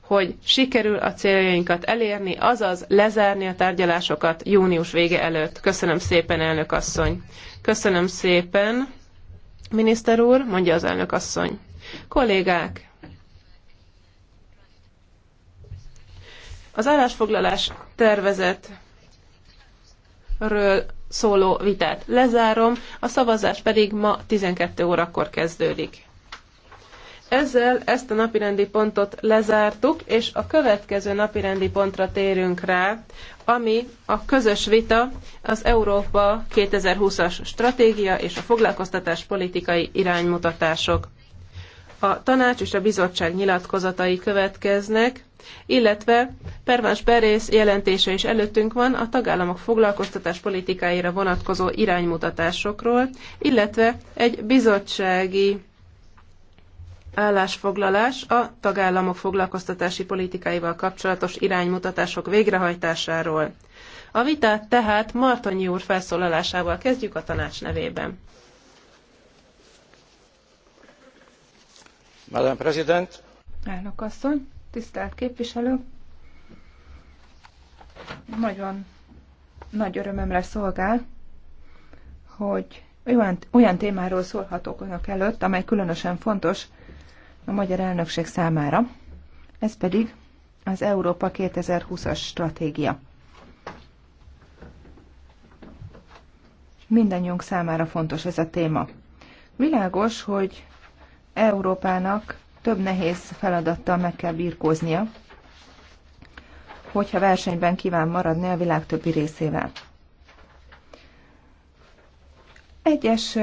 hogy sikerül a céljainkat elérni, azaz lezárni a tárgyalásokat június vége előtt. Köszönöm szépen, elnök asszony. Köszönöm szépen, miniszter úr, mondja az elnök asszony. Kollégák, az állásfoglalás tervezetről szóló vitát lezárom, a szavazás pedig ma 12 órakor kezdődik. Ezzel ezt a napirendi pontot lezártuk, és a következő napirendi pontra térünk rá, ami a közös vita az Európa 2020-as stratégia és a foglalkoztatás politikai iránymutatások. A tanács és a bizottság nyilatkozatai következnek, illetve Pervans Berész jelentése is előttünk van a tagállamok foglalkoztatás politikáira vonatkozó iránymutatásokról, illetve egy bizottsági állásfoglalás a tagállamok foglalkoztatási politikáival kapcsolatos iránymutatások végrehajtásáról. A vitát tehát Martonyi úr felszólalásával kezdjük a tanács nevében. Madame President. Elnök asszony, tisztelt képviselő, Nagyon nagy örömömre szolgál, hogy olyan, olyan témáról szólhatok önök előtt, amely különösen fontos a magyar elnökség számára, ez pedig az Európa 2020-as stratégia. Mindennyiunk számára fontos ez a téma. Világos, hogy Európának több nehéz feladattal meg kell birkóznia, hogyha versenyben kíván maradni a világ többi részével. Egyes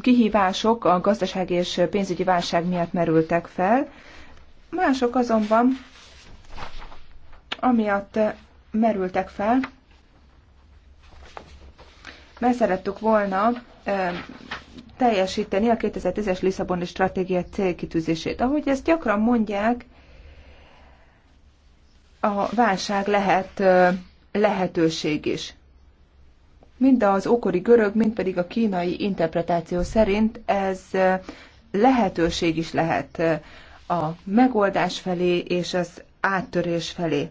kihívások a gazdaság és pénzügyi válság miatt merültek fel, mások azonban amiatt merültek fel, mert szerettük volna teljesíteni a 2010-es Lisszaboni stratégia célkitűzését. Ahogy ezt gyakran mondják, a válság lehet lehetőség is. Mind az ókori görög, mind pedig a kínai interpretáció szerint ez lehetőség is lehet a megoldás felé és az áttörés felé.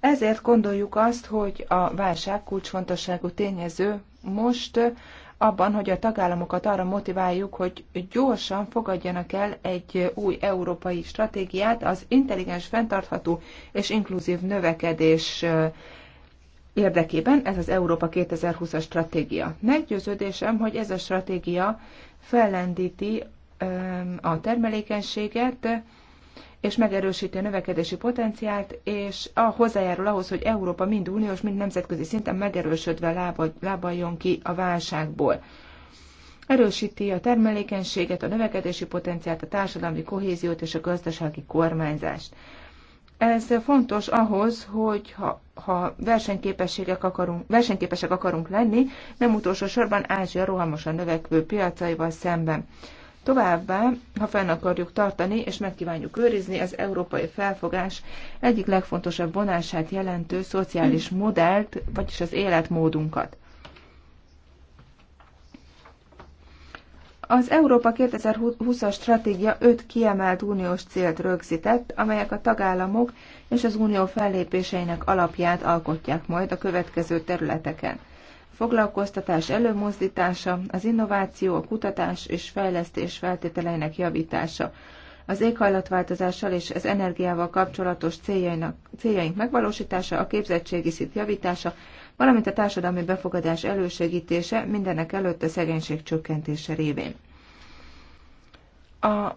Ezért gondoljuk azt, hogy a válság kulcsfontosságú tényező most abban, hogy a tagállamokat arra motiváljuk, hogy gyorsan fogadjanak el egy új európai stratégiát az intelligens, fenntartható és inkluzív növekedés érdekében, ez az Európa 2020-as stratégia. Meggyőződésem, hogy ez a stratégia fellendíti a termelékenységet, és megerősíti a növekedési potenciált, és a hozzájárul ahhoz, hogy Európa mind uniós, mind nemzetközi szinten megerősödve lábaljon ki a válságból. Erősíti a termelékenységet, a növekedési potenciált, a társadalmi kohéziót és a gazdasági kormányzást. Ez fontos ahhoz, hogy ha, ha versenyképességek akarunk, versenyképesek akarunk lenni, nem utolsó sorban Ázsia rohamosan növekvő piacaival szemben. Továbbá, ha fenn akarjuk tartani és megkívánjuk őrizni, az európai felfogás egyik legfontosabb vonását jelentő szociális modellt, vagyis az életmódunkat. Az Európa 2020-as stratégia öt kiemelt uniós célt rögzített, amelyek a tagállamok és az unió fellépéseinek alapját alkotják majd a következő területeken. A foglalkoztatás előmozdítása, az innováció, a kutatás és fejlesztés feltételeinek javítása, az éghajlatváltozással és az energiával kapcsolatos céljainak, céljaink megvalósítása, a képzettségi szint javítása, valamint a társadalmi befogadás elősegítése mindenek előtt a szegénység csökkentése révén. A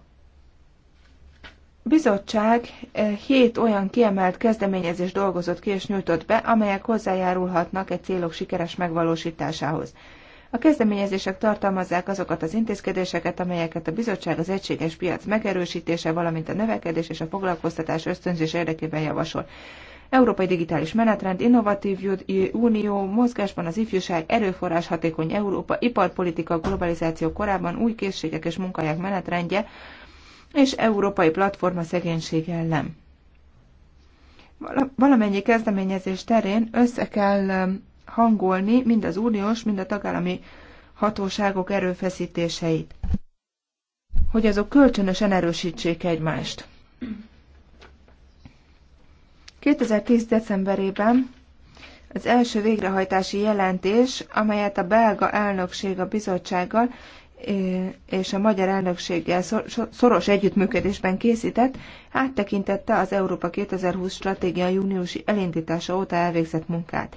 bizottság eh, hét olyan kiemelt kezdeményezést dolgozott ki és nyújtott be, amelyek hozzájárulhatnak egy célok sikeres megvalósításához. A kezdeményezések tartalmazzák azokat az intézkedéseket, amelyeket a bizottság az egységes piac megerősítése, valamint a növekedés és a foglalkoztatás ösztönzés érdekében javasol. Európai Digitális Menetrend, Innovatív Unió, Mozgásban az Ifjúság, Erőforrás Hatékony Európa, Iparpolitika, Globalizáció korában új készségek és munkahelyek menetrendje, és Európai Platforma Szegénység ellen. Valamennyi kezdeményezés terén össze kell hangolni mind az uniós, mind a tagállami hatóságok erőfeszítéseit, hogy azok kölcsönösen erősítsék egymást. 2010. decemberében az első végrehajtási jelentés, amelyet a belga elnökség a bizottsággal és a magyar elnökséggel szoros együttműködésben készített, áttekintette az Európa 2020 stratégia júniusi elindítása óta elvégzett munkát.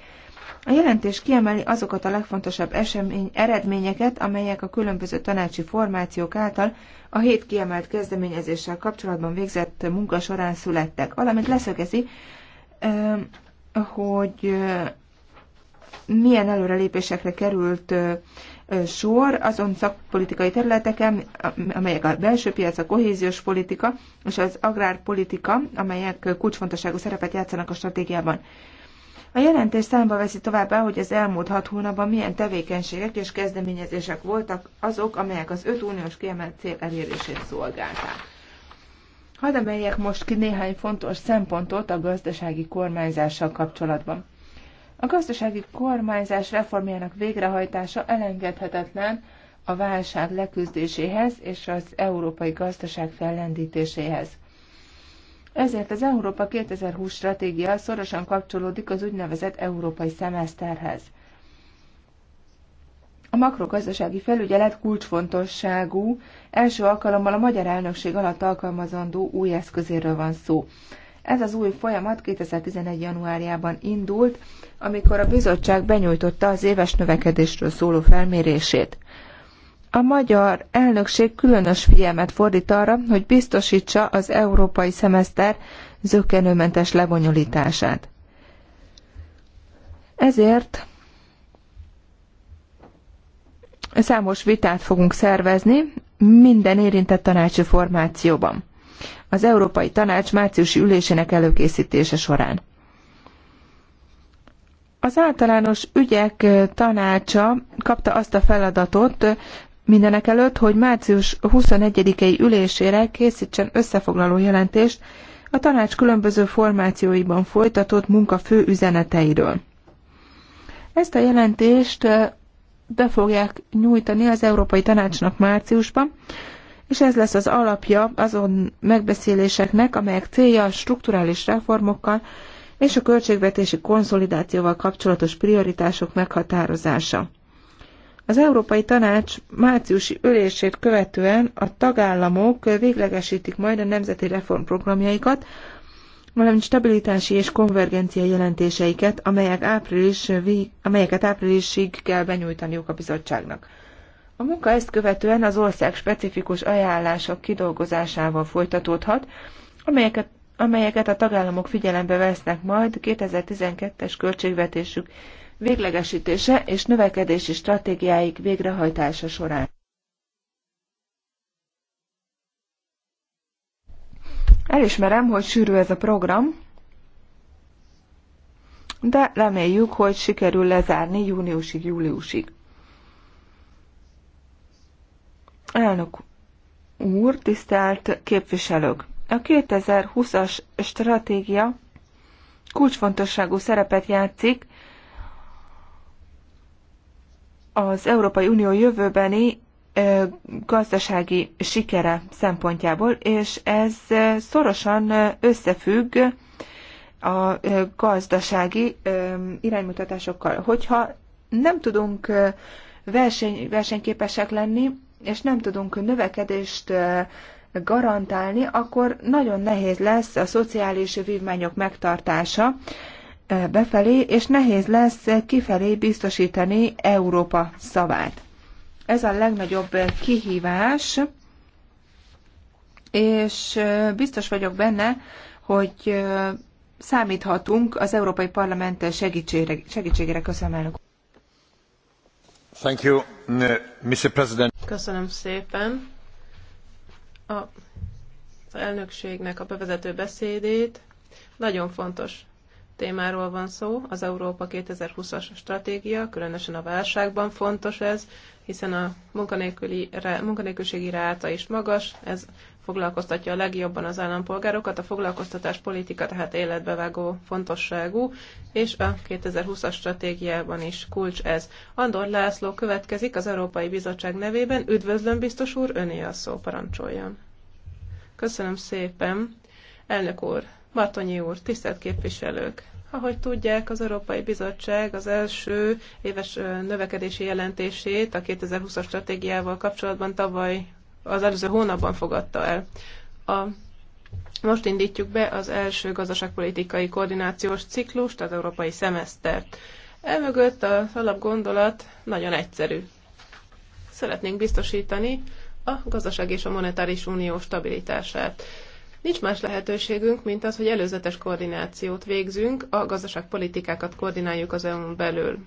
A jelentés kiemeli azokat a legfontosabb esemény, eredményeket, amelyek a különböző tanácsi formációk által a hét kiemelt kezdeményezéssel kapcsolatban végzett munka során születtek, valamint leszögezi, hogy milyen előrelépésekre került sor azon szakpolitikai területeken, amelyek a belső piac, a kohéziós politika és az agrárpolitika, amelyek kulcsfontosságú szerepet játszanak a stratégiában. A jelentés számba veszi továbbá, hogy az elmúlt hat hónapban milyen tevékenységek és kezdeményezések voltak azok, amelyek az öt uniós kiemelt cél elérését szolgálták. Hadd emeljek most ki néhány fontos szempontot a gazdasági kormányzással kapcsolatban. A gazdasági kormányzás reformjának végrehajtása elengedhetetlen a válság leküzdéséhez és az európai gazdaság fellendítéséhez. Ezért az Európa 2020 stratégia szorosan kapcsolódik az úgynevezett európai szemeszterhez. A makrogazdasági felügyelet kulcsfontosságú, első alkalommal a magyar elnökség alatt alkalmazandó új eszközéről van szó. Ez az új folyamat 2011. januárjában indult, amikor a bizottság benyújtotta az éves növekedésről szóló felmérését. A magyar elnökség különös figyelmet fordít arra, hogy biztosítsa az európai szemeszter zökkenőmentes lebonyolítását. Ezért Számos vitát fogunk szervezni minden érintett tanácsi formációban. Az Európai Tanács márciusi ülésének előkészítése során. Az általános ügyek tanácsa kapta azt a feladatot, mindenek előtt, hogy március 21-i ülésére készítsen összefoglaló jelentést a tanács különböző formációiban folytatott munka fő üzeneteiről. Ezt a jelentést be fogják nyújtani az Európai Tanácsnak márciusban, és ez lesz az alapja azon megbeszéléseknek, amelyek célja a strukturális reformokkal és a költségvetési konszolidációval kapcsolatos prioritások meghatározása. Az Európai Tanács márciusi ülését követően a tagállamok véglegesítik majd a nemzeti reformprogramjaikat, valamint stabilitási és konvergencia jelentéseiket, amelyek április, amelyeket áprilisig kell benyújtaniuk a bizottságnak. A munka ezt követően az ország specifikus ajánlások kidolgozásával folytatódhat, amelyeket, amelyeket a tagállamok figyelembe vesznek majd 2012-es költségvetésük véglegesítése és növekedési stratégiáik végrehajtása során. Elismerem, hogy sűrű ez a program, de reméljük, hogy sikerül lezárni júniusig, júliusig. Elnök úr, tisztelt képviselők! A 2020-as stratégia kulcsfontosságú szerepet játszik az Európai Unió jövőbeni gazdasági sikere szempontjából, és ez szorosan összefügg a gazdasági iránymutatásokkal. Hogyha nem tudunk verseny, versenyképesek lenni, és nem tudunk növekedést garantálni, akkor nagyon nehéz lesz a szociális vívmányok megtartása befelé, és nehéz lesz kifelé biztosítani Európa szavát. Ez a legnagyobb kihívás, és biztos vagyok benne, hogy számíthatunk az Európai Parlament segítségére. segítségére. Köszönöm, elnök Thank you, Mr. President. Köszönöm szépen. A, az elnökségnek a bevezető beszédét nagyon fontos témáról van szó, az Európa 2020-as stratégia, különösen a válságban fontos ez, hiszen a munkanélküli, munkanélküliségi ráta is magas, ez foglalkoztatja a legjobban az állampolgárokat, a foglalkoztatás politika tehát életbevágó fontosságú, és a 2020-as stratégiában is kulcs ez. Andor László következik az Európai Bizottság nevében. Üdvözlöm, biztos úr, öné a szó, parancsoljon. Köszönöm szépen. Elnök úr, Bartonyi úr, tisztelt képviselők! Ahogy tudják, az Európai Bizottság az első éves növekedési jelentését a 2020-as stratégiával kapcsolatban tavaly az előző hónapban fogadta el. A most indítjuk be az első gazdaságpolitikai koordinációs ciklust, az európai szemesztert. Elmögött az alapgondolat nagyon egyszerű. Szeretnénk biztosítani a gazdaság és a monetáris unió stabilitását. Nincs más lehetőségünk, mint az, hogy előzetes koordinációt végzünk, a gazdaságpolitikákat koordináljuk az EU-n belül.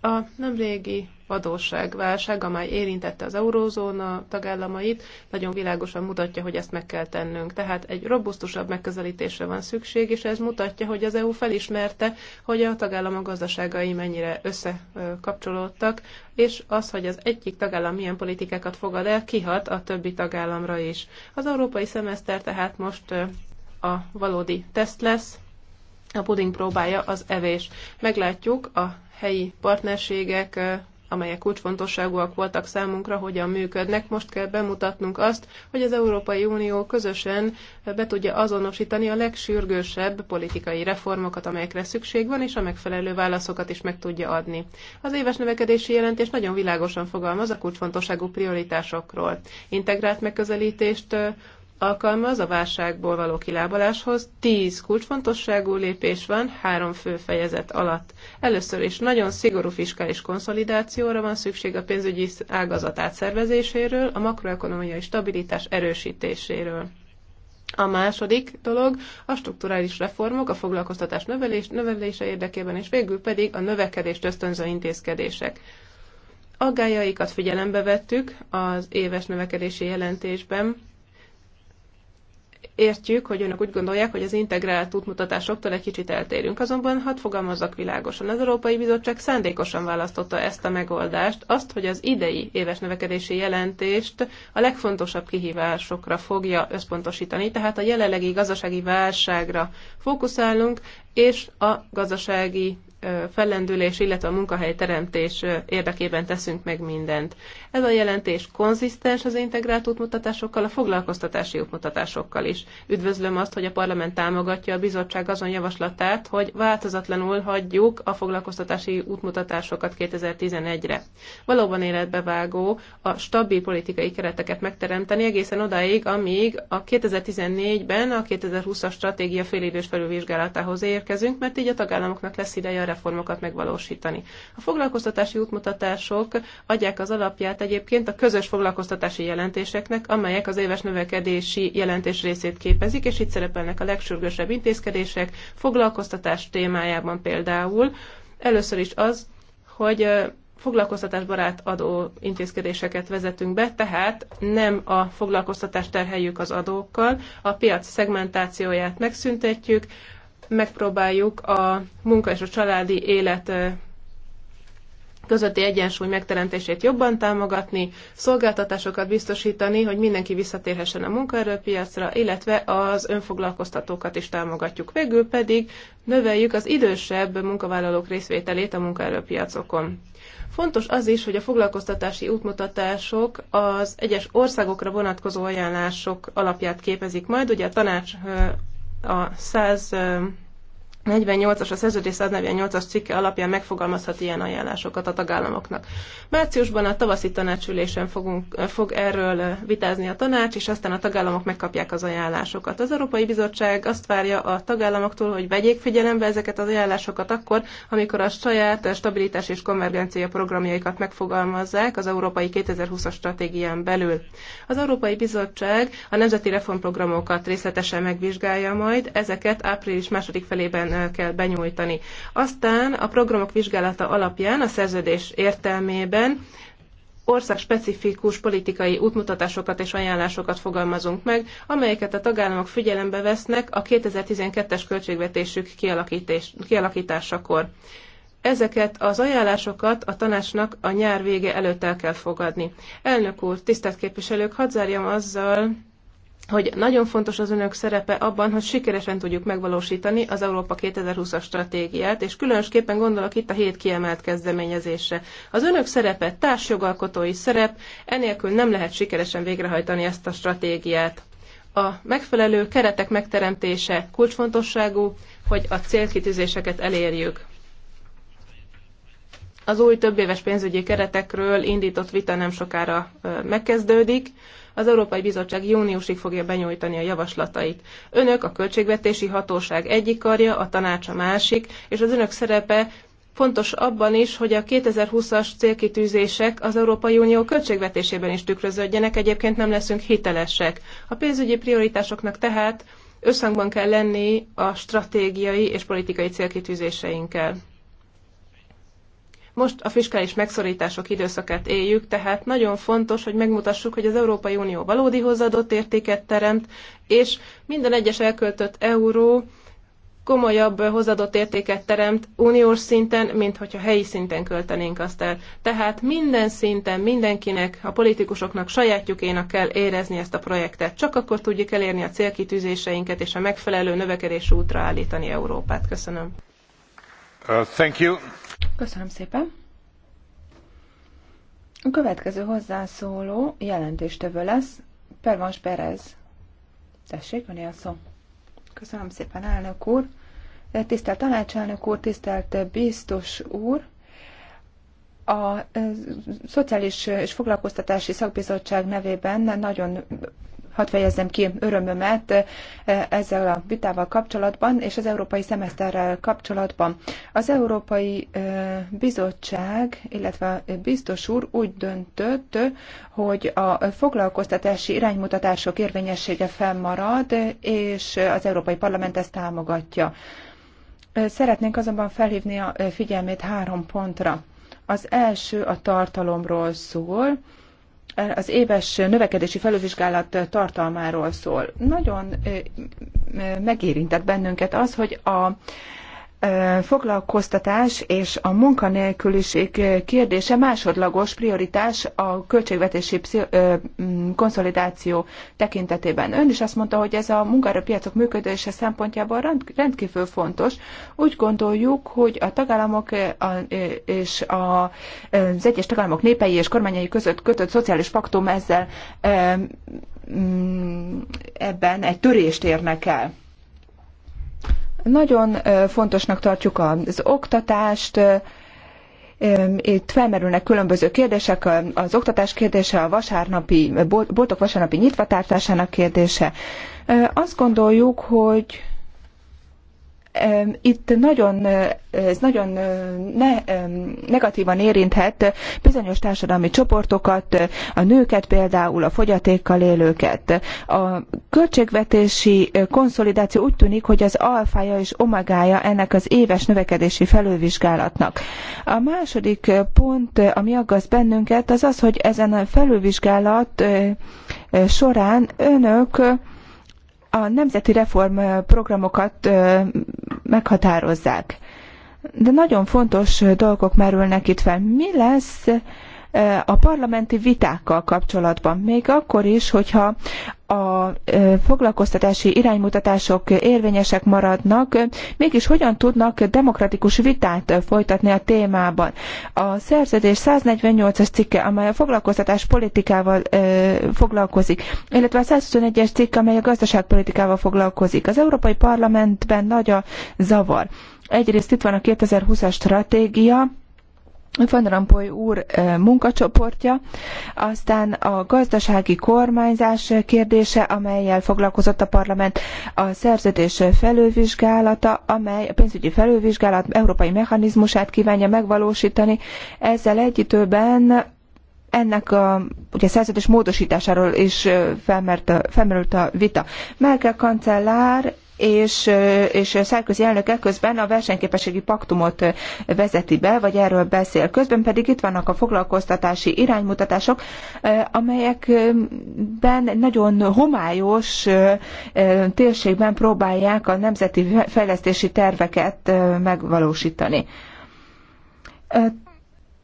A nemrégi adósságválság, amely érintette az eurózóna tagállamait, nagyon világosan mutatja, hogy ezt meg kell tennünk. Tehát egy robusztusabb megközelítésre van szükség, és ez mutatja, hogy az EU felismerte, hogy a tagállamok gazdaságai mennyire összekapcsolódtak, és az, hogy az egyik tagállam milyen politikákat fogad el, kihat a többi tagállamra is. Az európai szemeszter tehát most a valódi teszt lesz, a puding próbája az evés. Meglátjuk a helyi partnerségek, amelyek kulcsfontosságúak voltak számunkra, hogyan működnek. Most kell bemutatnunk azt, hogy az Európai Unió közösen be tudja azonosítani a legsürgősebb politikai reformokat, amelyekre szükség van, és a megfelelő válaszokat is meg tudja adni. Az éves növekedési jelentés nagyon világosan fogalmaz a kulcsfontosságú prioritásokról. Integrált megközelítést alkalmaz a válságból való kilábaláshoz. Tíz kulcsfontosságú lépés van három fő fejezet alatt. Először is nagyon szigorú fiskális konszolidációra van szükség a pénzügyi ágazat átszervezéséről, a makroekonomiai stabilitás erősítéséről. A második dolog a strukturális reformok, a foglalkoztatás növelés, növelése érdekében, és végül pedig a növekedést ösztönző intézkedések. Aggájaikat figyelembe vettük az éves növekedési jelentésben, értjük, hogy önök úgy gondolják, hogy az integrált útmutatásoktól egy kicsit eltérünk. Azonban hadd fogalmazzak világosan. Az Európai Bizottság szándékosan választotta ezt a megoldást, azt, hogy az idei éves növekedési jelentést a legfontosabb kihívásokra fogja összpontosítani, tehát a jelenlegi gazdasági válságra fókuszálunk, és a gazdasági fellendülés, illetve a munkahelyteremtés érdekében teszünk meg mindent. Ez a jelentés konzisztens az integrált útmutatásokkal, a foglalkoztatási útmutatásokkal is. Üdvözlöm azt, hogy a parlament támogatja a bizottság azon javaslatát, hogy változatlanul hagyjuk a foglalkoztatási útmutatásokat 2011-re. Valóban életbevágó a stabil politikai kereteket megteremteni egészen odáig, amíg a 2014-ben a 2020-as stratégia félidős felülvizsgálatához érkezünk, mert így a tagállamoknak lesz ideje reformokat megvalósítani. A foglalkoztatási útmutatások adják az alapját egyébként a közös foglalkoztatási jelentéseknek, amelyek az éves növekedési jelentés részét képezik, és itt szerepelnek a legsürgősebb intézkedések, foglalkoztatás témájában például. Először is az, hogy foglalkoztatásbarát adó intézkedéseket vezetünk be, tehát nem a foglalkoztatást terheljük az adókkal, a piac szegmentációját megszüntetjük, megpróbáljuk a munka és a családi élet közötti egyensúly megteremtését jobban támogatni, szolgáltatásokat biztosítani, hogy mindenki visszatérhessen a munkaerőpiacra, illetve az önfoglalkoztatókat is támogatjuk. Végül pedig növeljük az idősebb munkavállalók részvételét a munkaerőpiacokon. Fontos az is, hogy a foglalkoztatási útmutatások az egyes országokra vonatkozó ajánlások alapját képezik majd. Ugye a tanács a 100 48-as, a szerződés 148-as cikke alapján megfogalmazhat ilyen ajánlásokat a tagállamoknak. Márciusban a tavaszi tanácsülésen fogunk, fog erről vitázni a tanács, és aztán a tagállamok megkapják az ajánlásokat. Az Európai Bizottság azt várja a tagállamoktól, hogy vegyék figyelembe ezeket az ajánlásokat akkor, amikor a saját stabilitás és konvergencia programjaikat megfogalmazzák az Európai 2020-as stratégián belül. Az Európai Bizottság a nemzeti reformprogramokat részletesen megvizsgálja majd, ezeket április második felében kell benyújtani. Aztán a programok vizsgálata alapján a szerződés értelmében országspecifikus politikai útmutatásokat és ajánlásokat fogalmazunk meg, amelyeket a tagállamok figyelembe vesznek a 2012-es költségvetésük kialakításakor. Ezeket az ajánlásokat a tanácsnak a nyár vége előtt el kell fogadni. Elnök úr, tisztelt képviselők, hadd zárjam azzal, hogy nagyon fontos az önök szerepe abban, hogy sikeresen tudjuk megvalósítani az Európa 2020-as stratégiát, és különösképpen gondolok itt a hét kiemelt kezdeményezésre. Az önök szerepe társjogalkotói szerep, enélkül nem lehet sikeresen végrehajtani ezt a stratégiát. A megfelelő keretek megteremtése kulcsfontosságú, hogy a célkitűzéseket elérjük. Az új többéves pénzügyi keretekről indított vita nem sokára megkezdődik. Az Európai Bizottság júniusig fogja benyújtani a javaslatait. Önök a költségvetési hatóság egyik karja, a tanács a másik, és az önök szerepe fontos abban is, hogy a 2020-as célkitűzések az Európai Unió költségvetésében is tükröződjenek, egyébként nem leszünk hitelesek. A pénzügyi prioritásoknak tehát összhangban kell lenni a stratégiai és politikai célkitűzéseinkkel. Most a fiskális megszorítások időszakát éljük, tehát nagyon fontos, hogy megmutassuk, hogy az Európai Unió valódi hozzáadott értéket teremt, és minden egyes elköltött euró komolyabb hozadott értéket teremt uniós szinten, mint hogyha helyi szinten költenénk azt el. Tehát minden szinten mindenkinek, a politikusoknak sajátjukénak kell érezni ezt a projektet. Csak akkor tudjuk elérni a célkitűzéseinket és a megfelelő növekedés útra állítani Európát. Köszönöm. Uh, thank you. Köszönöm szépen. A következő hozzászóló jelentéstevő lesz, Pervans Perez. Tessék, van a szó. Köszönöm szépen, elnök úr. Tisztelt tanácselnök úr, tisztelt biztos úr a e, Szociális és Foglalkoztatási Szakbizottság nevében nagyon hadd fejezzem ki örömömet eh, ezzel a vitával kapcsolatban és az európai szemeszterrel kapcsolatban. Az Európai eh, Bizottság, illetve biztos úr úgy döntött, hogy a foglalkoztatási iránymutatások érvényessége fennmarad, és az Európai Parlament ezt támogatja. Eh, szeretnénk azonban felhívni a figyelmét három pontra. Az első a tartalomról szól, az éves növekedési felülvizsgálat tartalmáról szól. Nagyon megérintett bennünket az, hogy a foglalkoztatás és a munkanélküliség kérdése másodlagos prioritás a költségvetési konszolidáció tekintetében. Ön is azt mondta, hogy ez a munkaerőpiacok működése szempontjából rendkívül fontos. Úgy gondoljuk, hogy a tagállamok és az egyes tagállamok népei és kormányai között kötött szociális paktum ezzel ebben egy törést érnek el. Nagyon fontosnak tartjuk az oktatást, itt felmerülnek különböző kérdések, az oktatás kérdése, a vasárnapi, boltok vasárnapi nyitvatartásának kérdése. Azt gondoljuk, hogy itt nagyon, ez nagyon ne, negatívan érinthet bizonyos társadalmi csoportokat, a nőket például, a fogyatékkal élőket. A költségvetési konszolidáció úgy tűnik, hogy az alfája és omagája ennek az éves növekedési felülvizsgálatnak. A második pont, ami aggaszt bennünket, az az, hogy ezen a felülvizsgálat során önök a nemzeti reformprogramokat meghatározzák. De nagyon fontos dolgok merülnek itt fel. Mi lesz a parlamenti vitákkal kapcsolatban, még akkor is, hogyha a foglalkoztatási iránymutatások érvényesek maradnak, mégis hogyan tudnak demokratikus vitát folytatni a témában. A szerződés 148-as cikke, amely a foglalkoztatás politikával foglalkozik, illetve a 121-es cikke, amely a gazdaságpolitikával foglalkozik. Az Európai Parlamentben nagy a zavar. Egyrészt itt van a 2020-as stratégia, van Rampoy úr eh, munkacsoportja, aztán a gazdasági kormányzás kérdése, amelyel foglalkozott a parlament, a szerződés felülvizsgálata, amely a pénzügyi felülvizsgálat európai mechanizmusát kívánja megvalósítani. Ezzel egy ennek a ugye, szerződés módosításáról is eh, felmert, felmerült a vita. Merkel kancellár és, és Sárközi elnök ekközben a versenyképességi paktumot vezeti be, vagy erről beszél. Közben pedig itt vannak a foglalkoztatási iránymutatások, amelyekben nagyon homályos térségben próbálják a nemzeti fejlesztési terveket megvalósítani.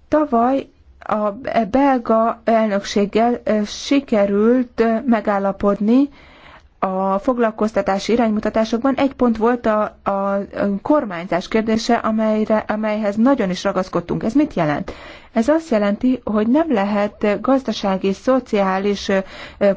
Tavaly a belga elnökséggel sikerült megállapodni, a foglalkoztatási iránymutatásokban egy pont volt a, a kormányzás kérdése, amelyre, amelyhez nagyon is ragaszkodtunk. Ez mit jelent? Ez azt jelenti, hogy nem lehet gazdasági, szociális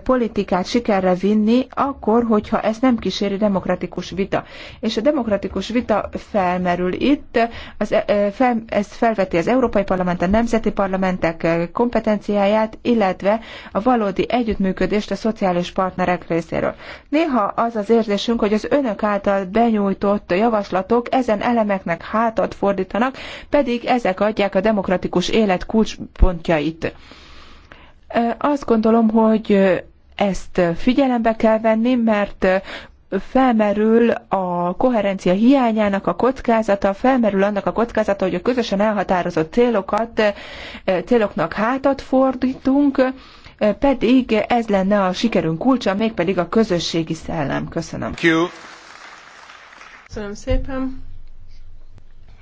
politikát sikerre vinni, akkor, hogyha ez nem kíséri demokratikus vita. És a demokratikus vita felmerül itt, az, fel, ez felveti az Európai Parlament, a nemzeti parlamentek kompetenciáját, illetve a valódi együttműködést a szociális partnerek részéről. Néha az az érzésünk, hogy az önök által benyújtott javaslatok ezen elemeknek hátat fordítanak, pedig ezek adják a demokratikus életet élet kulcspontjait. Azt gondolom, hogy ezt figyelembe kell venni, mert felmerül a koherencia hiányának a kockázata, felmerül annak a kockázata, hogy a közösen elhatározott célokat, céloknak hátat fordítunk, pedig ez lenne a sikerünk kulcsa, mégpedig a közösségi szellem. Köszönöm. Köszönöm szépen.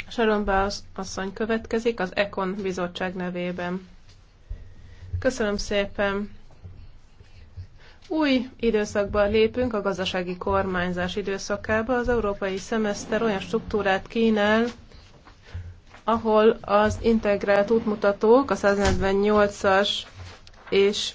Sharon Bowles asszony következik az Econ bizottság nevében. Köszönöm szépen! Új időszakban lépünk a gazdasági kormányzás időszakába. Az európai szemeszter olyan struktúrát kínál, ahol az integrált útmutatók, a 148-as és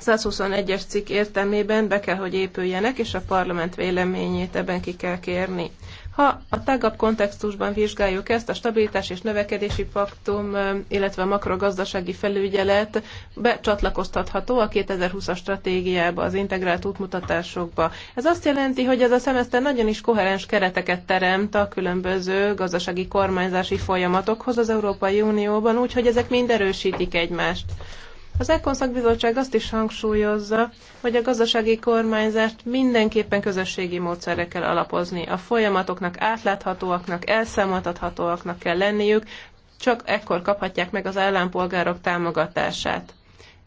121-es cikk értelmében be kell, hogy épüljenek, és a parlament véleményét ebben ki kell kérni. Ha a tágabb kontextusban vizsgáljuk ezt, a stabilitás és növekedési paktum, illetve a makrogazdasági felügyelet becsatlakoztatható a 2020-as stratégiába, az integrált útmutatásokba. Ez azt jelenti, hogy ez a szemeszter nagyon is koherens kereteket teremt a különböző gazdasági kormányzási folyamatokhoz az Európai Unióban, úgyhogy ezek mind erősítik egymást. Az ECON szakbizottság azt is hangsúlyozza, hogy a gazdasági kormányzást mindenképpen közösségi módszerre kell alapozni. A folyamatoknak átláthatóaknak, elszámoltathatóaknak kell lenniük, csak ekkor kaphatják meg az állampolgárok támogatását.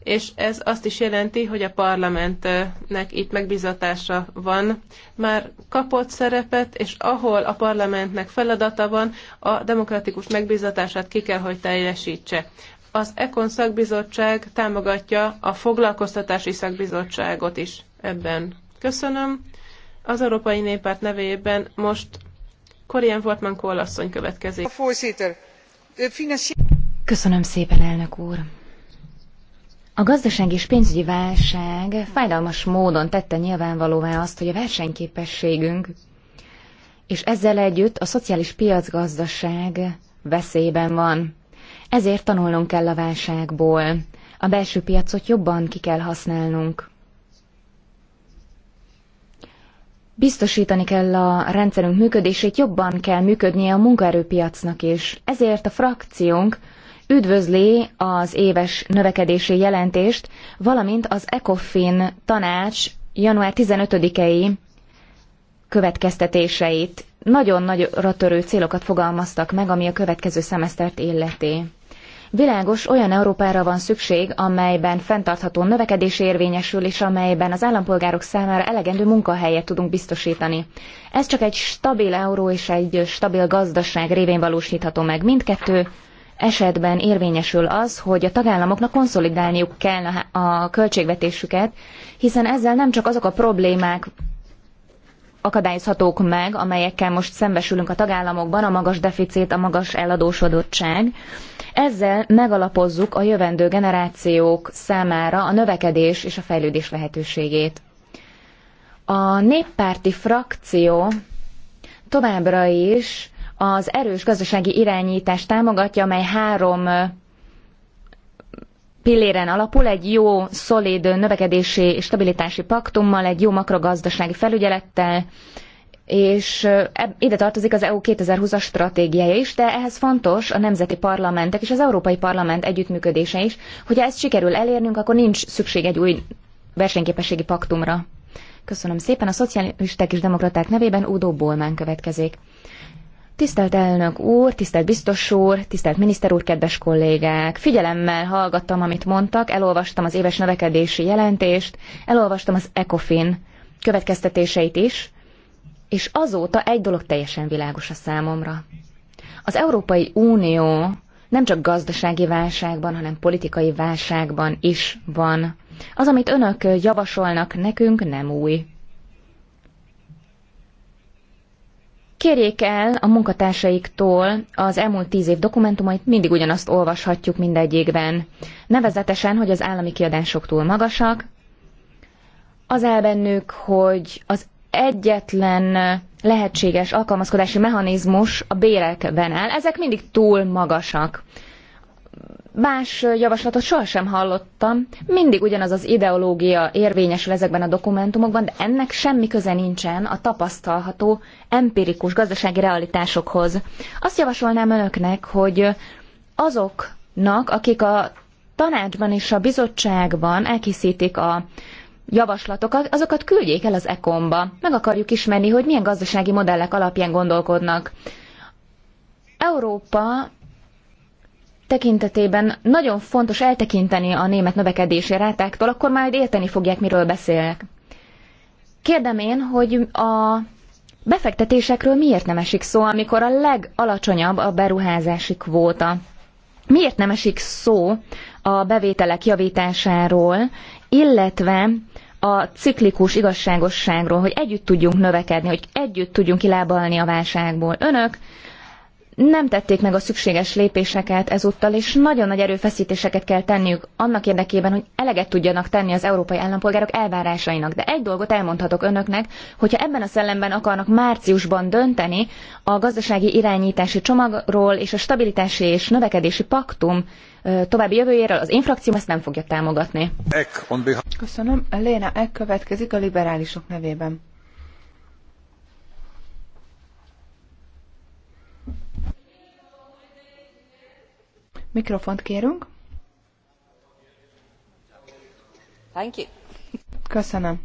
És ez azt is jelenti, hogy a parlamentnek itt megbizatása van, már kapott szerepet, és ahol a parlamentnek feladata van, a demokratikus megbizatását ki kell, hogy teljesítse. Az Ekon szakbizottság támogatja a foglalkoztatási szakbizottságot is ebben. Köszönöm. Az Európai Néppárt nevében most Korien Fortman Kollasszony következik. Köszönöm szépen, elnök úr. A gazdaság és pénzügyi válság fájdalmas módon tette nyilvánvalóvá azt, hogy a versenyképességünk és ezzel együtt a szociális piacgazdaság veszélyben van. Ezért tanulnunk kell a válságból. A belső piacot jobban ki kell használnunk. Biztosítani kell a rendszerünk működését, jobban kell működnie a munkaerőpiacnak is. Ezért a frakciónk üdvözli az éves növekedési jelentést, valamint az ECOFIN tanács január 15-ei következtetéseit. Nagyon nagyra törő célokat fogalmaztak meg, ami a következő szemesztert illeti. Világos olyan Európára van szükség, amelyben fenntartható növekedés érvényesül, és amelyben az állampolgárok számára elegendő munkahelyet tudunk biztosítani. Ez csak egy stabil euró és egy stabil gazdaság révén valósítható meg. Mindkettő esetben érvényesül az, hogy a tagállamoknak konszolidálniuk kell a költségvetésüket, hiszen ezzel nem csak azok a problémák akadályozhatók meg, amelyekkel most szembesülünk a tagállamokban, a magas deficit, a magas eladósodottság. Ezzel megalapozzuk a jövendő generációk számára a növekedés és a fejlődés lehetőségét. A néppárti frakció továbbra is az erős gazdasági irányítást támogatja, amely három pilléren alapul, egy jó, szolid növekedési és stabilitási paktummal, egy jó makrogazdasági felügyelettel, és ide tartozik az EU 2020-as stratégiája is, de ehhez fontos a nemzeti parlamentek és az Európai Parlament együttműködése is. Hogyha ezt sikerül elérnünk, akkor nincs szükség egy új versenyképességi paktumra. Köszönöm szépen. A szocialisták és demokraták nevében Udo Bolmán következik. Tisztelt elnök úr, tisztelt biztos úr, tisztelt miniszter úr, kedves kollégák! Figyelemmel hallgattam, amit mondtak, elolvastam az éves növekedési jelentést, elolvastam az ECOFIN következtetéseit is, és azóta egy dolog teljesen világos a számomra. Az Európai Unió nem csak gazdasági válságban, hanem politikai válságban is van. Az, amit önök javasolnak nekünk, nem új. Kérjék el a munkatársaiktól az elmúlt tíz év dokumentumait, mindig ugyanazt olvashatjuk mindegyikben. Nevezetesen, hogy az állami kiadások túl magasak, az áll bennük, hogy az egyetlen lehetséges alkalmazkodási mechanizmus a bérekben áll, ezek mindig túl magasak. Más javaslatot sohasem hallottam. Mindig ugyanaz az ideológia érvényesül ezekben a dokumentumokban, de ennek semmi köze nincsen a tapasztalható empirikus gazdasági realitásokhoz. Azt javasolnám önöknek, hogy azoknak, akik a tanácsban és a bizottságban elkészítik a javaslatokat, azokat küldjék el az ECOM-ba. Meg akarjuk ismerni, hogy milyen gazdasági modellek alapján gondolkodnak. Európa tekintetében nagyon fontos eltekinteni a német növekedési rátáktól, akkor majd érteni fogják, miről beszélek. Kérdem én, hogy a befektetésekről miért nem esik szó, amikor a legalacsonyabb a beruházási kvóta? Miért nem esik szó a bevételek javításáról, illetve a ciklikus igazságosságról, hogy együtt tudjunk növekedni, hogy együtt tudjunk kilábalni a válságból. Önök nem tették meg a szükséges lépéseket ezúttal, és nagyon nagy erőfeszítéseket kell tenniük annak érdekében, hogy eleget tudjanak tenni az európai állampolgárok elvárásainak. De egy dolgot elmondhatok önöknek, hogyha ebben a szellemben akarnak márciusban dönteni a gazdasági irányítási csomagról és a stabilitási és növekedési paktum további jövőjéről, az infrakció ezt nem fogja támogatni. Köszönöm. Léna Ek következik a liberálisok nevében. Mikrofont kérünk. Thank you. Köszönöm.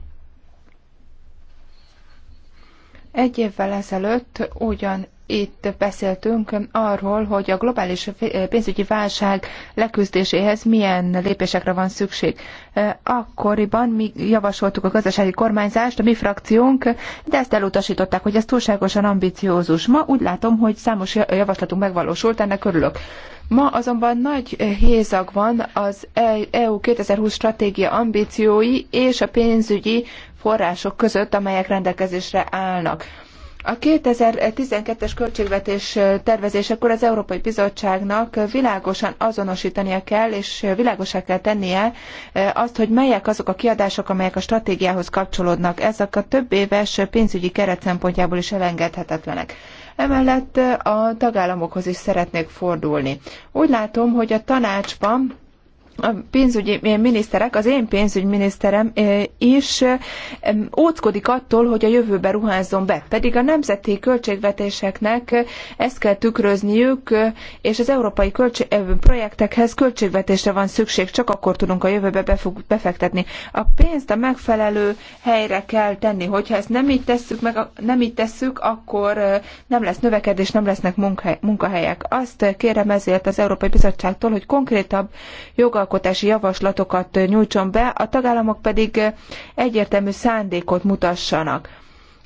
Egy évvel ezelőtt ugyan itt beszéltünk arról, hogy a globális pénzügyi válság leküzdéséhez milyen lépésekre van szükség. Akkoriban mi javasoltuk a gazdasági kormányzást, a mi frakciónk, de ezt elutasították, hogy ez túlságosan ambiciózus. Ma úgy látom, hogy számos javaslatunk megvalósult, ennek örülök. Ma azonban nagy hézag van az EU 2020 stratégia ambíciói és a pénzügyi források között, amelyek rendelkezésre állnak a 2012-es költségvetés tervezésekor az Európai Bizottságnak világosan azonosítania kell, és világosá kell tennie e, azt, hogy melyek azok a kiadások, amelyek a stratégiához kapcsolódnak. Ezek a több éves pénzügyi keret szempontjából is elengedhetetlenek. Emellett a tagállamokhoz is szeretnék fordulni. Úgy látom, hogy a tanácsban a pénzügyi miniszterek, az én pénzügyminiszterem is óckodik attól, hogy a jövőbe ruházzon be. Pedig a nemzeti költségvetéseknek ezt kell tükrözniük, és az európai költség, projektekhez költségvetésre van szükség, csak akkor tudunk a jövőbe befektetni. A pénzt a megfelelő helyre kell tenni. Hogyha ezt nem így tesszük, meg, nem így tesszük akkor nem lesz növekedés, nem lesznek munkahelyek. Azt kérem ezért az Európai Bizottságtól, hogy konkrétabb joga jogalkotási javaslatokat nyújtson be, a tagállamok pedig egyértelmű szándékot mutassanak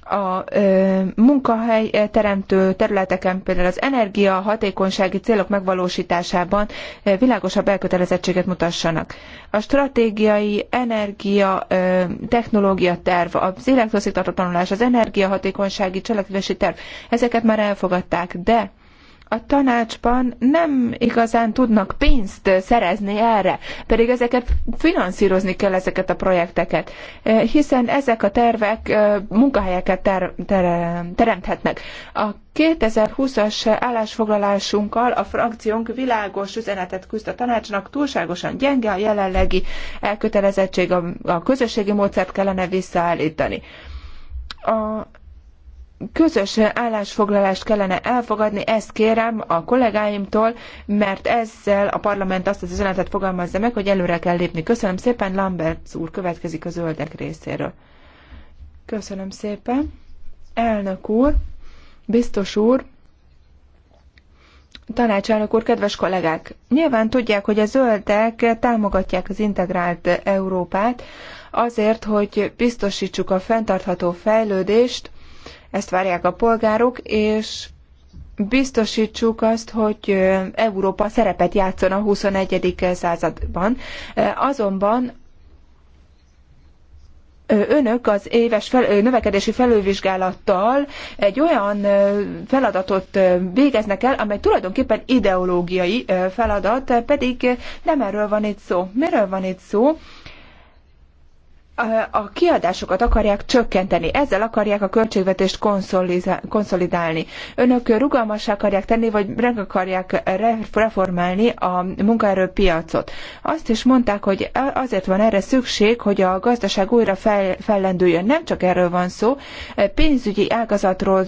a ö, munkahely teremtő területeken, például az energia hatékonysági célok megvalósításában világosabb elkötelezettséget mutassanak. A stratégiai energia ö, technológia terv, az elektrosziktató tanulás, az energiahatékonysági cselekvési terv, ezeket már elfogadták, de a tanácsban nem igazán tudnak pénzt szerezni erre, pedig ezeket finanszírozni kell ezeket a projekteket, eh, hiszen ezek a tervek eh, munkahelyeket ter- ter- teremthetnek. A 2020-as állásfoglalásunkkal a frakciónk világos üzenetet küzd a tanácsnak, túlságosan gyenge a jelenlegi elkötelezettség, a, a közösségi módszert kellene visszaállítani. A közös állásfoglalást kellene elfogadni, ezt kérem a kollégáimtól, mert ezzel a parlament azt az üzenetet fogalmazza meg, hogy előre kell lépni. Köszönöm szépen, Lambert úr következik a zöldek részéről. Köszönöm szépen. Elnök úr, biztos úr, Tanácselnök úr, kedves kollégák! Nyilván tudják, hogy a zöldek támogatják az integrált Európát azért, hogy biztosítsuk a fenntartható fejlődést, ezt várják a polgárok, és biztosítsuk azt, hogy Európa szerepet játszon a 21. században. Azonban önök az éves fel, növekedési felülvizsgálattal egy olyan feladatot végeznek el, amely tulajdonképpen ideológiai feladat, pedig nem erről van itt szó. Miről van itt szó? a kiadásokat akarják csökkenteni, ezzel akarják a költségvetést konszolidálni. Önök rugalmassá akarják tenni, vagy meg akarják reformálni a munkaerőpiacot. Azt is mondták, hogy e- azért van erre szükség, hogy a gazdaság újra fel, fellendüljön. Nem csak erről van szó, e, pénzügyi ágazatról,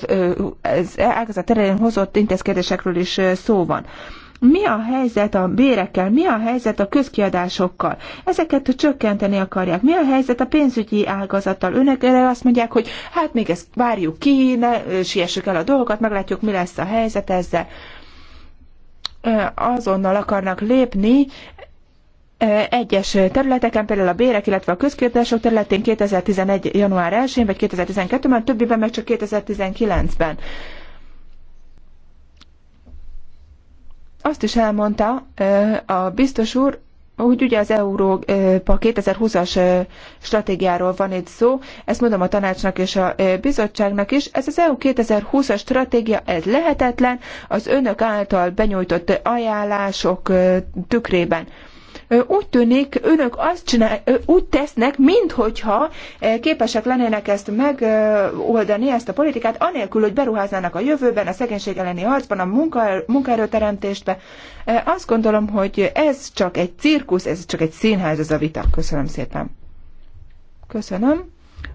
ágazat terén hozott intézkedésekről is szó van mi a helyzet a bérekkel, mi a helyzet a közkiadásokkal. Ezeket csökkenteni akarják. Mi a helyzet a pénzügyi ágazattal. Önök erre azt mondják, hogy hát még ezt várjuk ki, ne siessük el a dolgokat, meglátjuk, mi lesz a helyzet ezzel. Azonnal akarnak lépni, egyes területeken, például a bérek, illetve a közkérdések területén 2011. január 1-én, vagy 2012-ben, többiben meg csak 2019-ben. Azt is elmondta a biztos úr, hogy ugye az Európa 2020-as stratégiáról van itt szó, ezt mondom a tanácsnak és a bizottságnak is, ez az EU 2020-as stratégia, ez lehetetlen az önök által benyújtott ajánlások tükrében. Úgy tűnik, önök azt csinál, úgy tesznek, minthogyha képesek lennének ezt megoldani, ezt a politikát, anélkül, hogy beruháznának a jövőben, a szegénység elleni harcban, a munkaerőteremtésbe. Azt gondolom, hogy ez csak egy cirkusz, ez csak egy színház ez a vita. Köszönöm szépen. Köszönöm.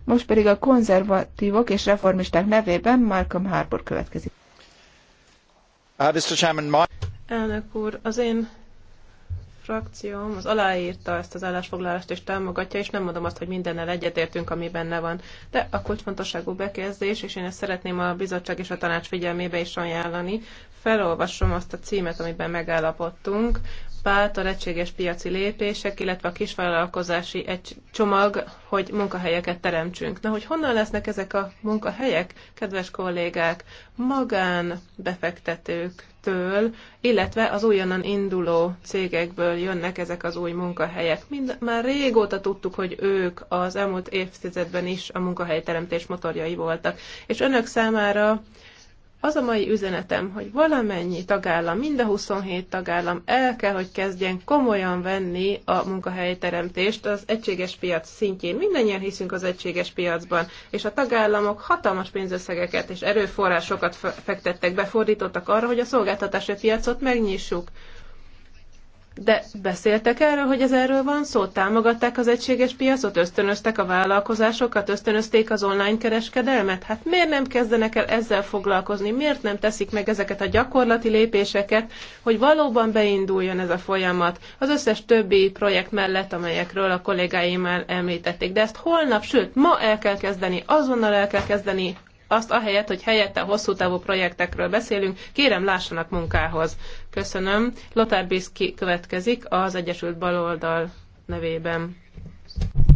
Most pedig a konzervatívok és reformisták nevében Malcolm Harbour következik. Uh, Mr. Chairman, my... Elnök úr, az én frakcióm az aláírta ezt az állásfoglalást és támogatja, és nem mondom azt, hogy mindennel egyetértünk, ami benne van. De a kulcsfontosságú bekezdés, és én ezt szeretném a bizottság és a tanács figyelmébe is ajánlani, felolvasom azt a címet, amiben megállapodtunk, pálta, egységes piaci lépések, illetve a kisvállalkozási egy csomag, hogy munkahelyeket teremtsünk. Na, hogy honnan lesznek ezek a munkahelyek, kedves kollégák? Magán befektetők cégektől, illetve az újonnan induló cégekből jönnek ezek az új munkahelyek. Mind, már régóta tudtuk, hogy ők az elmúlt évtizedben is a munkahelyteremtés motorjai voltak. És önök számára az a mai üzenetem, hogy valamennyi tagállam, mind a 27 tagállam el kell, hogy kezdjen komolyan venni a munkahelyteremtést az egységes piac szintjén. Mindennyian hiszünk az egységes piacban, és a tagállamok hatalmas pénzösszegeket és erőforrásokat fektettek, befordítottak arra, hogy a szolgáltatási piacot megnyissuk. De beszéltek erről, hogy ez erről van szó? Támogatták az egységes piacot, ösztönöztek a vállalkozásokat, ösztönözték az online kereskedelmet? Hát miért nem kezdenek el ezzel foglalkozni? Miért nem teszik meg ezeket a gyakorlati lépéseket, hogy valóban beinduljon ez a folyamat az összes többi projekt mellett, amelyekről a kollégáim említették? De ezt holnap, sőt, ma el kell kezdeni, azonnal el kell kezdeni, azt ahelyett, hogy helyette hosszú távú projektekről beszélünk, kérem lássanak munkához. Köszönöm. Lothar Biszki következik az Egyesült Baloldal nevében.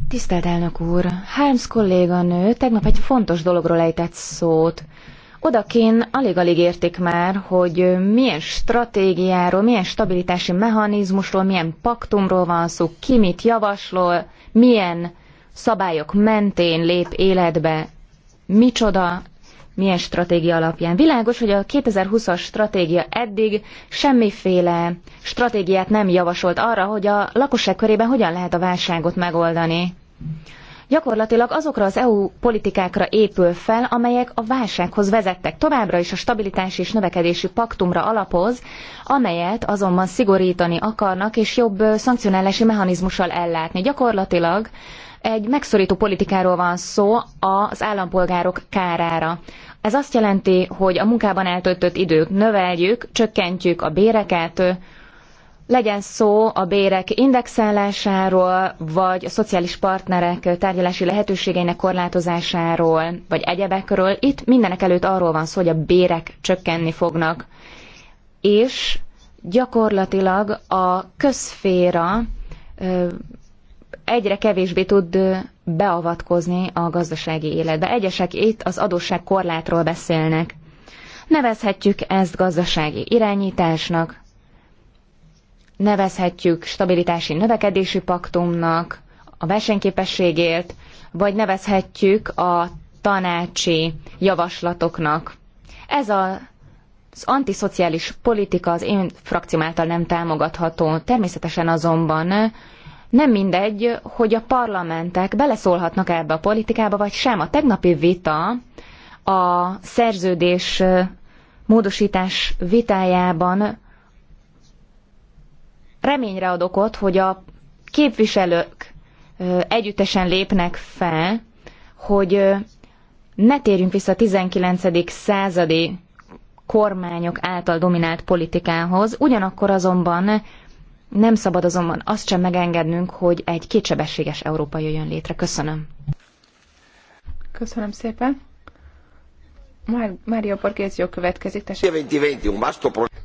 Tisztelt elnök úr! Harms kolléganő tegnap egy fontos dologról ejtett szót. Odakén alig-alig értik már, hogy milyen stratégiáról, milyen stabilitási mechanizmusról, milyen paktumról van szó, ki mit javaslol, milyen szabályok mentén lép életbe micsoda, milyen stratégia alapján. Világos, hogy a 2020-as stratégia eddig semmiféle stratégiát nem javasolt arra, hogy a lakosság körében hogyan lehet a válságot megoldani. Gyakorlatilag azokra az EU politikákra épül fel, amelyek a válsághoz vezettek. Továbbra is a stabilitási és növekedési paktumra alapoz, amelyet azonban szigorítani akarnak és jobb szankcionálási mechanizmussal ellátni. Gyakorlatilag egy megszorító politikáról van szó az állampolgárok kárára. Ez azt jelenti, hogy a munkában eltöltött időt növeljük, csökkentjük a béreket, legyen szó a bérek indexálásáról, vagy a szociális partnerek tárgyalási lehetőségeinek korlátozásáról, vagy egyebekről. Itt mindenek előtt arról van szó, hogy a bérek csökkenni fognak. És gyakorlatilag a közféra egyre kevésbé tud beavatkozni a gazdasági életbe. Egyesek itt az adósság korlátról beszélnek. Nevezhetjük ezt gazdasági irányításnak, nevezhetjük stabilitási növekedési paktumnak, a versenyképességért, vagy nevezhetjük a tanácsi javaslatoknak. Ez a az antiszociális politika az én frakcióm által nem támogatható. Természetesen azonban nem mindegy, hogy a parlamentek beleszólhatnak ebbe a politikába, vagy sem. A tegnapi vita a szerződés módosítás vitájában reményre ad okot, hogy a képviselők együttesen lépnek fel, hogy ne térjünk vissza a 19. századi kormányok által dominált politikához, ugyanakkor azonban nem szabad azonban azt sem megengednünk, hogy egy kétsebességes Európa jöjjön létre. Köszönöm. Köszönöm szépen. Már, Mária Borgézió következik. Tessék.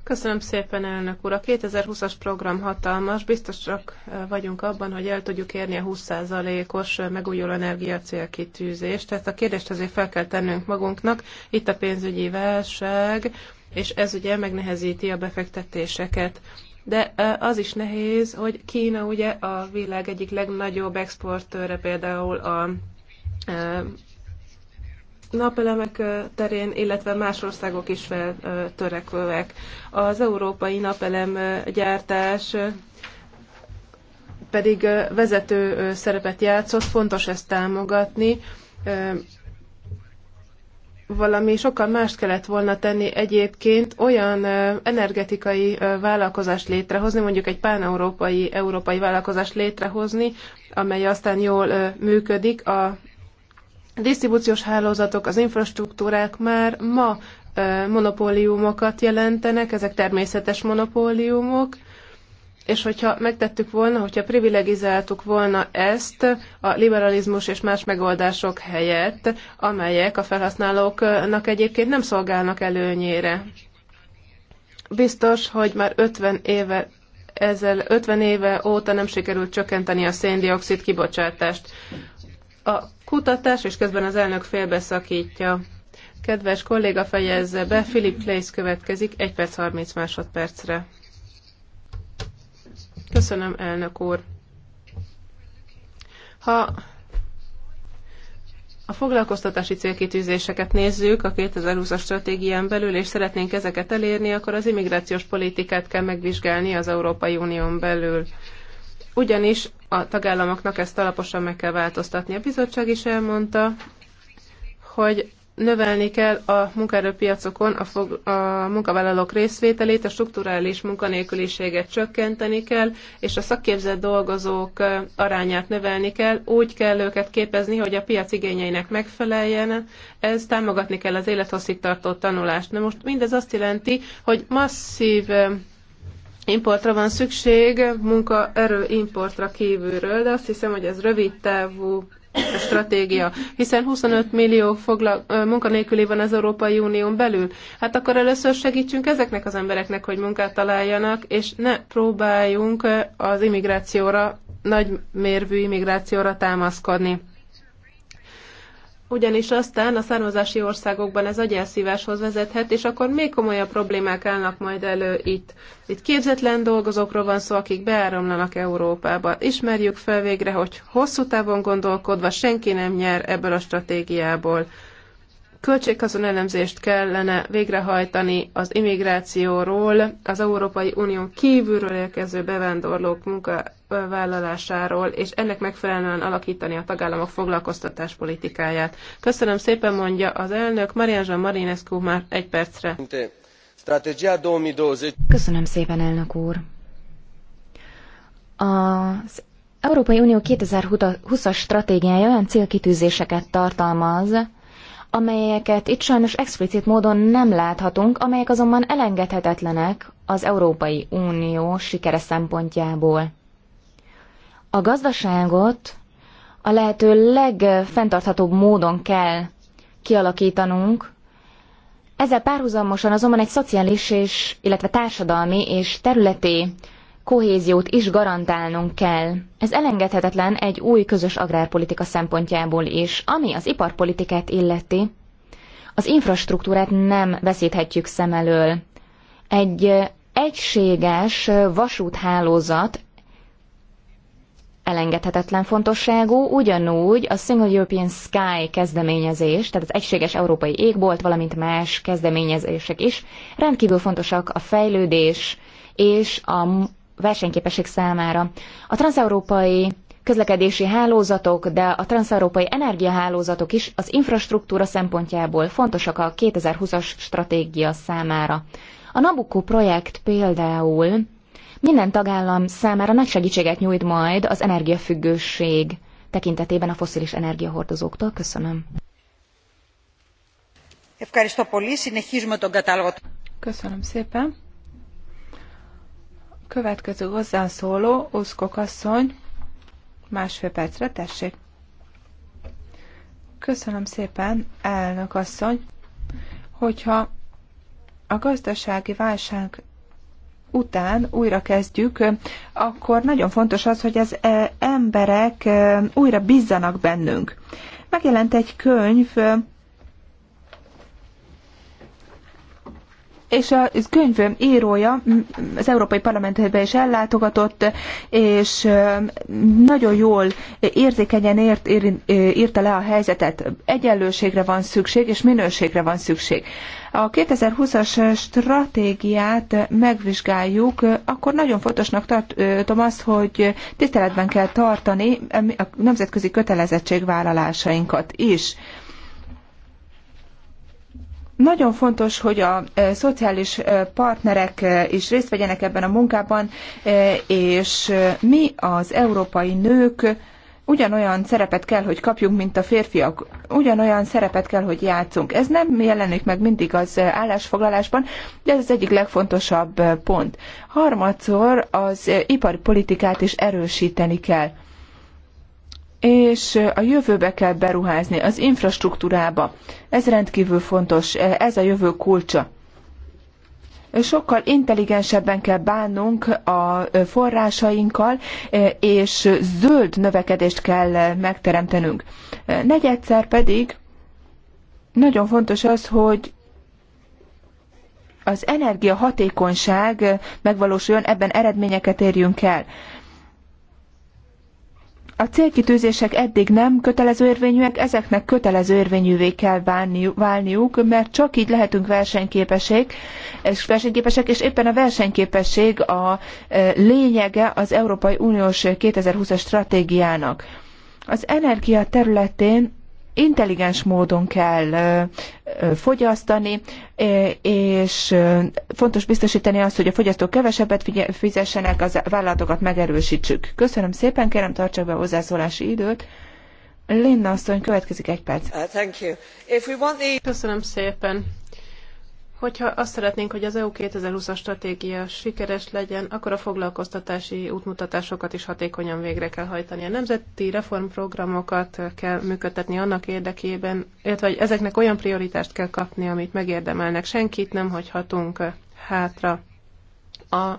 Köszönöm szépen, elnök úr. A 2020-as program hatalmas. Biztosak vagyunk abban, hogy el tudjuk érni a 20%-os megújuló energia célkitűzést. Tehát a kérdést azért fel kell tennünk magunknak. Itt a pénzügyi válság, és ez ugye megnehezíti a befektetéseket de az is nehéz, hogy Kína ugye a világ egyik legnagyobb exportőre például a napelemek terén, illetve más országok is feltörekvőek. Az európai napelem gyártás pedig vezető szerepet játszott, fontos ezt támogatni valami sokkal mást kellett volna tenni egyébként, olyan energetikai vállalkozást létrehozni, mondjuk egy pán-európai európai vállalkozást létrehozni, amely aztán jól működik. A disztribúciós hálózatok, az infrastruktúrák már ma monopóliumokat jelentenek, ezek természetes monopóliumok, és hogyha megtettük volna, hogyha privilegizáltuk volna ezt a liberalizmus és más megoldások helyett, amelyek a felhasználóknak egyébként nem szolgálnak előnyére. Biztos, hogy már 50 éve ezzel 50 éve óta nem sikerült csökkenteni a széndiokszid kibocsátást. A kutatás, és közben az elnök félbeszakítja. Kedves kolléga fejezze be, Philip Place következik 1 perc 30 másodpercre. Köszönöm, elnök úr. Ha a foglalkoztatási célkitűzéseket nézzük a 2020-as stratégián belül, és szeretnénk ezeket elérni, akkor az immigrációs politikát kell megvizsgálni az Európai Unión belül. Ugyanis a tagállamoknak ezt alaposan meg kell változtatni. A bizottság is elmondta, hogy növelni kell a munkaerőpiacokon a, fog, a munkavállalók részvételét, a strukturális munkanélküliséget csökkenteni kell, és a szakképzett dolgozók arányát növelni kell. Úgy kell őket képezni, hogy a piac igényeinek megfeleljen. Ez támogatni kell az élethosszig tartó tanulást. Na most mindez azt jelenti, hogy masszív importra van szükség, munkaerő importra kívülről, de azt hiszem, hogy ez rövid távú stratégia, hiszen 25 millió fogla, munkanélküli van az Európai Unión belül. Hát akkor először segítsünk ezeknek az embereknek, hogy munkát találjanak, és ne próbáljunk az immigrációra, nagy mérvű immigrációra támaszkodni ugyanis aztán a származási országokban ez agyelszíváshoz vezethet, és akkor még komolyabb problémák állnak majd elő itt. Itt képzetlen dolgozókról van szó, akik beáramlanak Európába. Ismerjük fel végre, hogy hosszú távon gondolkodva senki nem nyer ebből a stratégiából. Költséghaszon elemzést kellene végrehajtani az immigrációról, az Európai Unión kívülről érkező bevándorlók munkavállalásáról, és ennek megfelelően alakítani a tagállamok foglalkoztatáspolitikáját. Köszönöm szépen, mondja az elnök. Marianzsa Marinescu már egy percre. Köszönöm szépen, elnök úr. Az Európai Unió 2020-as stratégiája olyan célkitűzéseket tartalmaz, amelyeket itt sajnos explicit módon nem láthatunk, amelyek azonban elengedhetetlenek az Európai Unió sikere szempontjából. A gazdaságot a lehető legfenntarthatóbb módon kell kialakítanunk, ezzel párhuzamosan azonban egy szociális és, illetve társadalmi és területi kohéziót is garantálnunk kell. Ez elengedhetetlen egy új közös agrárpolitika szempontjából is, ami az iparpolitikát illeti. Az infrastruktúrát nem veszíthetjük szem elől. Egy egységes vasúthálózat elengedhetetlen fontosságú, ugyanúgy a Single European Sky kezdeményezés, tehát az egységes európai égbolt, valamint más kezdeményezések is rendkívül fontosak a fejlődés és a versenyképesség számára. A transeurópai közlekedési hálózatok, de a transeurópai energiahálózatok is az infrastruktúra szempontjából fontosak a 2020-as stratégia számára. A Nabucco projekt például minden tagállam számára nagy segítséget nyújt majd az energiafüggőség tekintetében a foszilis energiahordozóktól. Köszönöm. Köszönöm szépen. Következő hozzászóló, Uszkok asszony, másfél percre, tessék. Köszönöm szépen, elnök asszony, hogyha a gazdasági válság után újra kezdjük, akkor nagyon fontos az, hogy az e, emberek e, újra bízzanak bennünk. Megjelent egy könyv, és a könyvöm írója az Európai Parlamentbe is ellátogatott, és nagyon jól érzékenyen ért írta le a helyzetet. Egyenlőségre van szükség, és minőségre van szükség. A 2020-as stratégiát megvizsgáljuk, akkor nagyon fontosnak tartom azt, hogy tiszteletben kell tartani a nemzetközi kötelezettségvállalásainkat is. Nagyon fontos, hogy a e, szociális e, partnerek e, is részt vegyenek ebben a munkában, és mi az európai nők ugyanolyan szerepet kell, hogy kapjunk, mint a férfiak. Ugyanolyan szerepet kell, hogy játszunk. Ez nem jelenik meg mindig az állásfoglalásban, de ez az egyik legfontosabb pont. Harmadszor az ipari politikát is erősíteni kell és a jövőbe kell beruházni, az infrastruktúrába. Ez rendkívül fontos, ez a jövő kulcsa. Sokkal intelligensebben kell bánnunk a forrásainkkal, és zöld növekedést kell megteremtenünk. Negyedszer pedig nagyon fontos az, hogy az energiahatékonyság megvalósuljon, ebben eredményeket érjünk el. A célkitűzések eddig nem kötelező érvényűek, ezeknek kötelező érvényűvé kell válniuk, mert csak így lehetünk versenyképesek, és versenyképesek, és éppen a versenyképesség a e, lényege az Európai Uniós 2020-as stratégiának. Az energia területén intelligens módon kell fogyasztani, és fontos biztosítani azt, hogy a fogyasztók kevesebbet fizessenek, az vállalatokat megerősítsük. Köszönöm szépen, kérem tartsák be a hozzászólási időt. Linna asszony, következik egy perc. Uh, Köszönöm szépen Hogyha azt szeretnénk, hogy az EU 2020-as stratégia sikeres legyen, akkor a foglalkoztatási útmutatásokat is hatékonyan végre kell hajtani. A nemzeti reformprogramokat kell működtetni annak érdekében, illetve hogy ezeknek olyan prioritást kell kapni, amit megérdemelnek. Senkit nem hagyhatunk hátra. A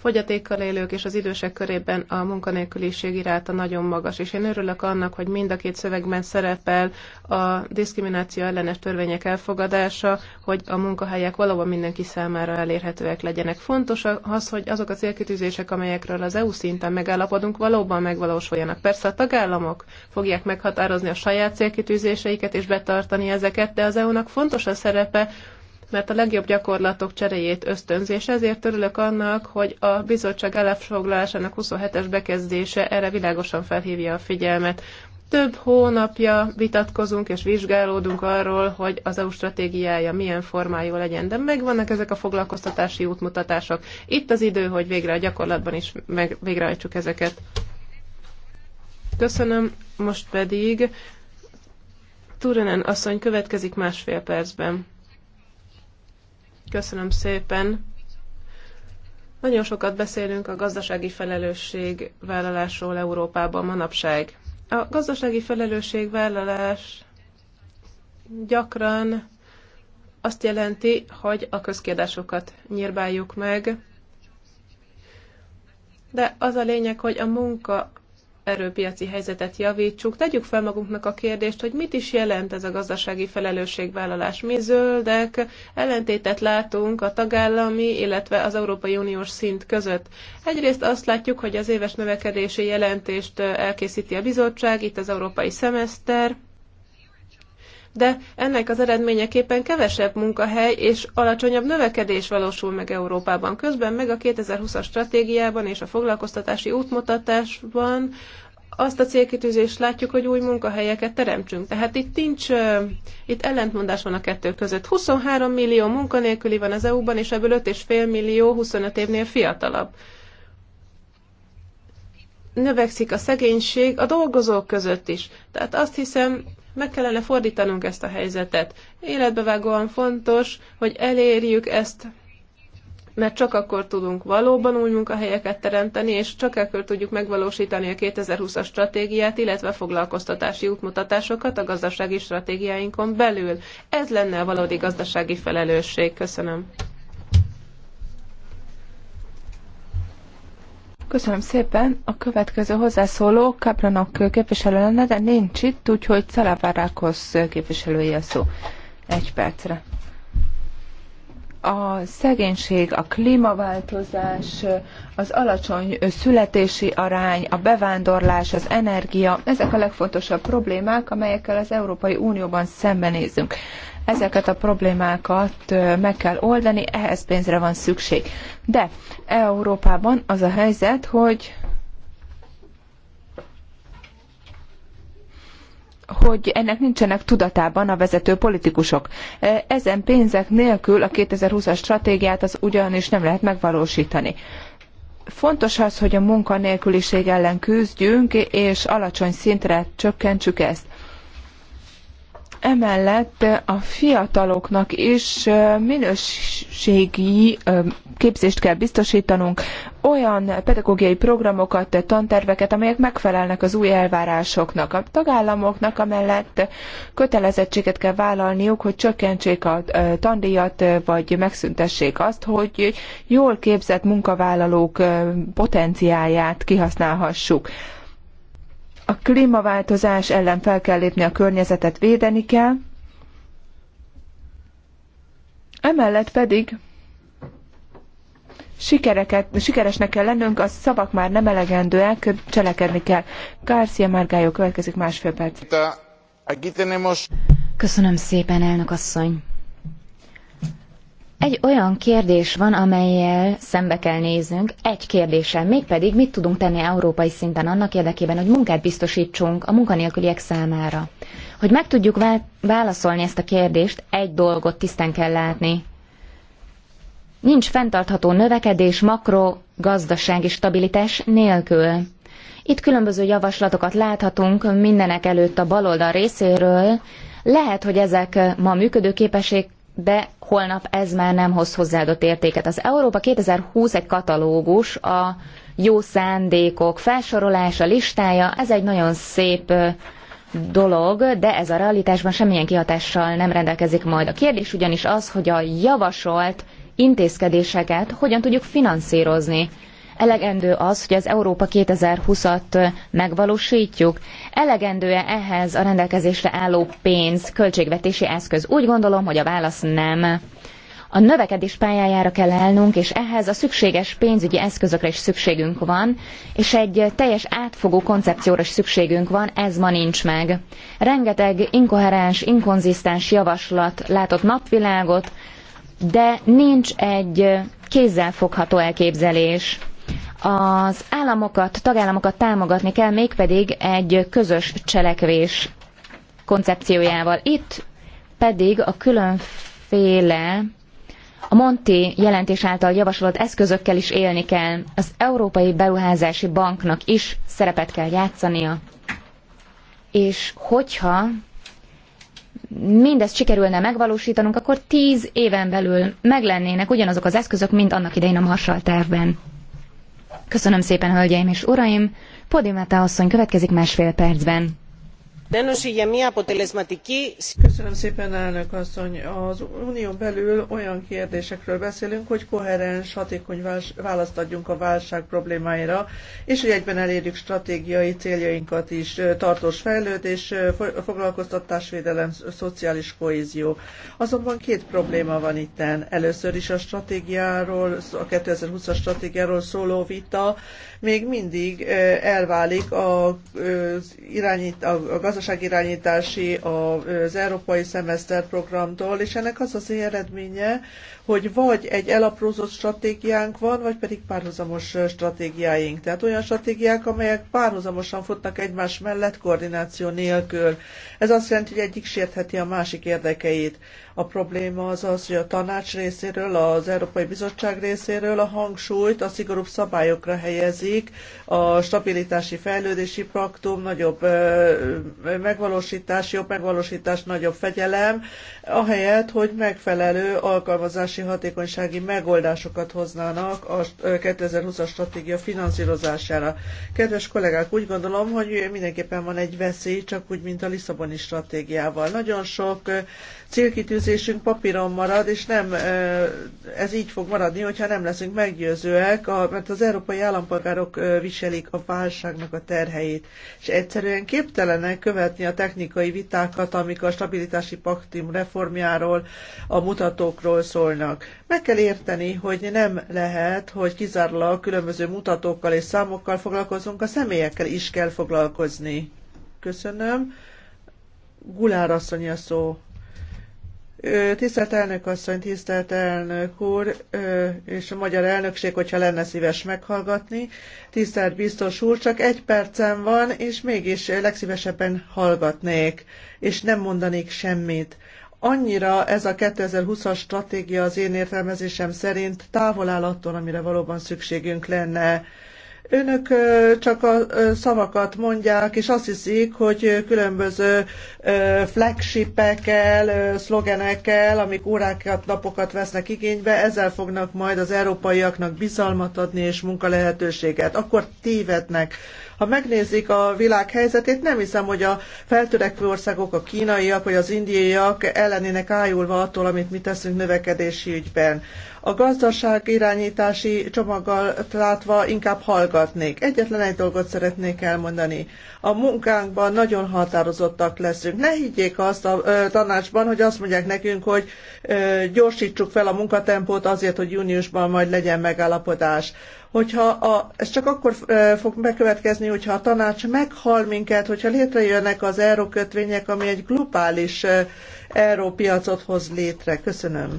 fogyatékkal élők és az idősek körében a munkanélküliség iráta nagyon magas, és én örülök annak, hogy mind a két szövegben szerepel a diszkrimináció ellenes törvények elfogadása, hogy a munkahelyek valóban mindenki számára elérhetőek legyenek. Fontos az, hogy azok a célkitűzések, amelyekről az EU szinten megállapodunk, valóban megvalósuljanak. Persze a tagállamok fogják meghatározni a saját célkitűzéseiket és betartani ezeket, de az EU-nak fontos a szerepe, mert a legjobb gyakorlatok cseréjét ösztönzi, és ezért örülök annak, hogy a bizottság elefoglalásának 27-es bekezdése erre világosan felhívja a figyelmet. Több hónapja vitatkozunk és vizsgálódunk arról, hogy az EU stratégiája milyen formájú legyen, de megvannak ezek a foglalkoztatási útmutatások. Itt az idő, hogy végre a gyakorlatban is meg, végrehajtsuk ezeket. Köszönöm, most pedig Turenen asszony következik másfél percben. Köszönöm szépen. Nagyon sokat beszélünk a gazdasági vállalásról Európában manapság. A gazdasági vállalás gyakran azt jelenti, hogy a közkiadásokat nyírbáljuk meg, de az a lényeg, hogy a munka erőpiaci helyzetet javítsuk, tegyük fel magunknak a kérdést, hogy mit is jelent ez a gazdasági felelősségvállalás. Mi zöldek ellentétet látunk a tagállami, illetve az Európai Uniós szint között. Egyrészt azt látjuk, hogy az éves növekedési jelentést elkészíti a bizottság, itt az európai szemeszter, de ennek az eredményeképpen kevesebb munkahely és alacsonyabb növekedés valósul meg Európában. Közben meg a 2020-as stratégiában és a foglalkoztatási útmutatásban azt a célkitűzést látjuk, hogy új munkahelyeket teremtsünk. Tehát itt nincs, itt ellentmondás van a kettő között. 23 millió munkanélküli van az EU-ban, és ebből 5,5 millió 25 évnél fiatalabb. Növekszik a szegénység a dolgozók között is. Tehát azt hiszem, meg kellene fordítanunk ezt a helyzetet. Életbevágóan fontos, hogy elérjük ezt mert csak akkor tudunk valóban új munkahelyeket teremteni, és csak akkor tudjuk megvalósítani a 2020-as stratégiát, illetve foglalkoztatási útmutatásokat a gazdasági stratégiáinkon belül. Ez lenne a valódi gazdasági felelősség. Köszönöm. Köszönöm szépen. A következő hozzászóló Kapranok képviselő lenne, de nincs itt, úgyhogy Szalavárákhoz képviselője a szó. Egy percre. A szegénység, a klímaváltozás, az alacsony születési arány, a bevándorlás, az energia, ezek a legfontosabb problémák, amelyekkel az Európai Unióban szembenézünk. Ezeket a problémákat meg kell oldani, ehhez pénzre van szükség. De Európában az a helyzet, hogy hogy ennek nincsenek tudatában a vezető politikusok. Ezen pénzek nélkül a 2020-as stratégiát az ugyanis nem lehet megvalósítani. Fontos az, hogy a munkanélküliség ellen küzdjünk, és alacsony szintre csökkentsük ezt. Emellett a fiataloknak is minőségi képzést kell biztosítanunk, olyan pedagógiai programokat, tanterveket, amelyek megfelelnek az új elvárásoknak. A tagállamoknak amellett kötelezettséget kell vállalniuk, hogy csökkentsék a tandíjat, vagy megszüntessék azt, hogy jól képzett munkavállalók potenciáját kihasználhassuk. A klímaváltozás ellen fel kell lépni, a környezetet védeni kell. Emellett pedig sikereket, sikeresnek kell lennünk, a szavak már nem elegendőek, cselekedni kell. Garcia Margallo következik másfél perc. Köszönöm szépen, elnök asszony. Egy olyan kérdés van, amelyel szembe kell néznünk, egy kérdéssel, mégpedig mit tudunk tenni európai szinten annak érdekében, hogy munkát biztosítsunk a munkanélküliek számára. Hogy meg tudjuk válaszolni ezt a kérdést, egy dolgot tisztán kell látni. Nincs fenntartható növekedés makro gazdasági stabilitás nélkül. Itt különböző javaslatokat láthatunk mindenek előtt a baloldal részéről. Lehet, hogy ezek ma működőképesek, de holnap ez már nem hoz hozzáadott értéket. Az Európa 2020 egy katalógus, a jó szándékok felsorolása, listája, ez egy nagyon szép dolog, de ez a realitásban semmilyen kihatással nem rendelkezik majd. A kérdés ugyanis az, hogy a javasolt intézkedéseket hogyan tudjuk finanszírozni. Elegendő az, hogy az Európa 2020-at megvalósítjuk? Elegendő-e ehhez a rendelkezésre álló pénz, költségvetési eszköz? Úgy gondolom, hogy a válasz nem. A növekedés pályájára kell állnunk, és ehhez a szükséges pénzügyi eszközökre is szükségünk van, és egy teljes átfogó koncepcióra is szükségünk van, ez ma nincs meg. Rengeteg inkoherens, inkonzisztens javaslat látott napvilágot, de nincs egy kézzelfogható elképzelés. Az államokat, tagállamokat támogatni kell, mégpedig egy közös cselekvés koncepciójával. Itt pedig a különféle a Monti jelentés által javasolt eszközökkel is élni kell. Az Európai Beruházási Banknak is szerepet kell játszania. És hogyha mindezt sikerülne megvalósítanunk, akkor tíz éven belül meglennének ugyanazok az eszközök, mint annak idején a Marshall tervben. Köszönöm szépen, hölgyeim és uraim! Podimata asszony következik másfél percben. Köszönöm szépen, Az unión belül olyan kérdésekről beszélünk, hogy koherens, hatékony választ adjunk a válság problémáira, és hogy egyben elérjük stratégiai céljainkat is, tartós fejlődés, foglalkoztatásvédelem, szociális kohézió. Azonban két probléma van itten. Először is a stratégiáról, a 2020-as stratégiáról szóló vita még mindig elválik a, irányít, a gazdaságirányítási irányítási az európai szemeszter programtól, és ennek az az eredménye, hogy vagy egy elaprózott stratégiánk van, vagy pedig párhuzamos stratégiáink. Tehát olyan stratégiák, amelyek párhuzamosan futnak egymás mellett koordináció nélkül. Ez azt jelenti, hogy egyik sértheti a másik érdekeit. A probléma az az, hogy a tanács részéről, az Európai Bizottság részéről a hangsúlyt a szigorúbb szabályokra helyezik, a stabilitási fejlődési paktum, nagyobb megvalósítás, jobb megvalósítás, nagyobb fegyelem, ahelyett, hogy megfelelő alkalmazási költségvetési hatékonysági megoldásokat hoznának a 2020-as stratégia finanszírozására. Kedves kollégák, úgy gondolom, hogy mindenképpen van egy veszély, csak úgy, mint a Lisszaboni stratégiával. Nagyon sok célkitűzésünk papíron marad, és nem ez így fog maradni, hogyha nem leszünk meggyőzőek, mert az európai állampolgárok viselik a válságnak a terheit, és egyszerűen képtelenek követni a technikai vitákat, amik a stabilitási paktum reformjáról, a mutatókról szólnak folynak. Meg kell érteni, hogy nem lehet, hogy kizárólag különböző mutatókkal és számokkal foglalkozunk, a személyekkel is kell foglalkozni. Köszönöm. Gulár asszony a szó. Tisztelt elnök asszony, tisztelt elnök úr, és a magyar elnökség, hogyha lenne szíves meghallgatni. Tisztelt biztos úr, csak egy percem van, és mégis legszívesebben hallgatnék, és nem mondanék semmit annyira ez a 2020-as stratégia az én értelmezésem szerint távol áll attól, amire valóban szükségünk lenne. Önök csak a szavakat mondják, és azt hiszik, hogy különböző flagshipekkel, szlogenekkel, amik órákat, napokat vesznek igénybe, ezzel fognak majd az európaiaknak bizalmat adni és munkalehetőséget. Akkor tévednek ha megnézik a világ helyzetét, nem hiszem, hogy a feltörekvő országok, a kínaiak vagy az indiaiak ellenének ájulva attól, amit mi teszünk növekedési ügyben. A gazdaság irányítási csomaggal látva inkább hallgatnék. Egyetlen egy dolgot szeretnék elmondani. A munkánkban nagyon határozottak leszünk. Ne higgyék azt a ö, tanácsban, hogy azt mondják nekünk, hogy ö, gyorsítsuk fel a munkatempót azért, hogy júniusban majd legyen megállapodás. Hogyha a, ez csak akkor fog bekövetkezni, hogyha a tanács meghal minket, hogyha létrejönnek az eurókötvények, ami egy globális európiacot hoz létre. Köszönöm.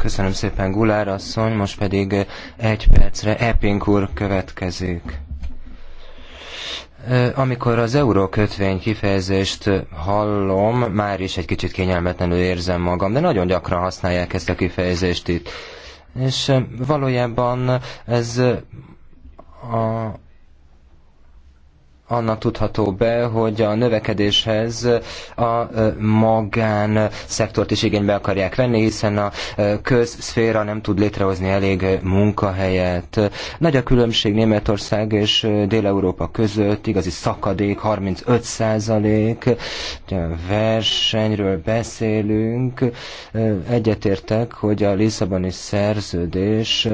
Köszönöm szépen, Gulár asszony, most pedig egy percre Epping úr következik. Amikor az eurókötvény kifejezést hallom, már is egy kicsit kényelmetlenül érzem magam, de nagyon gyakran használják ezt a kifejezést itt. És valójában ez a annak tudható be, hogy a növekedéshez a magán szektort is igénybe akarják venni, hiszen a közszféra nem tud létrehozni elég munkahelyet. Nagy a különbség Németország és Dél-Európa között, igazi szakadék, 35 százalék, versenyről beszélünk. Egyetértek, hogy a Lisszaboni szerződés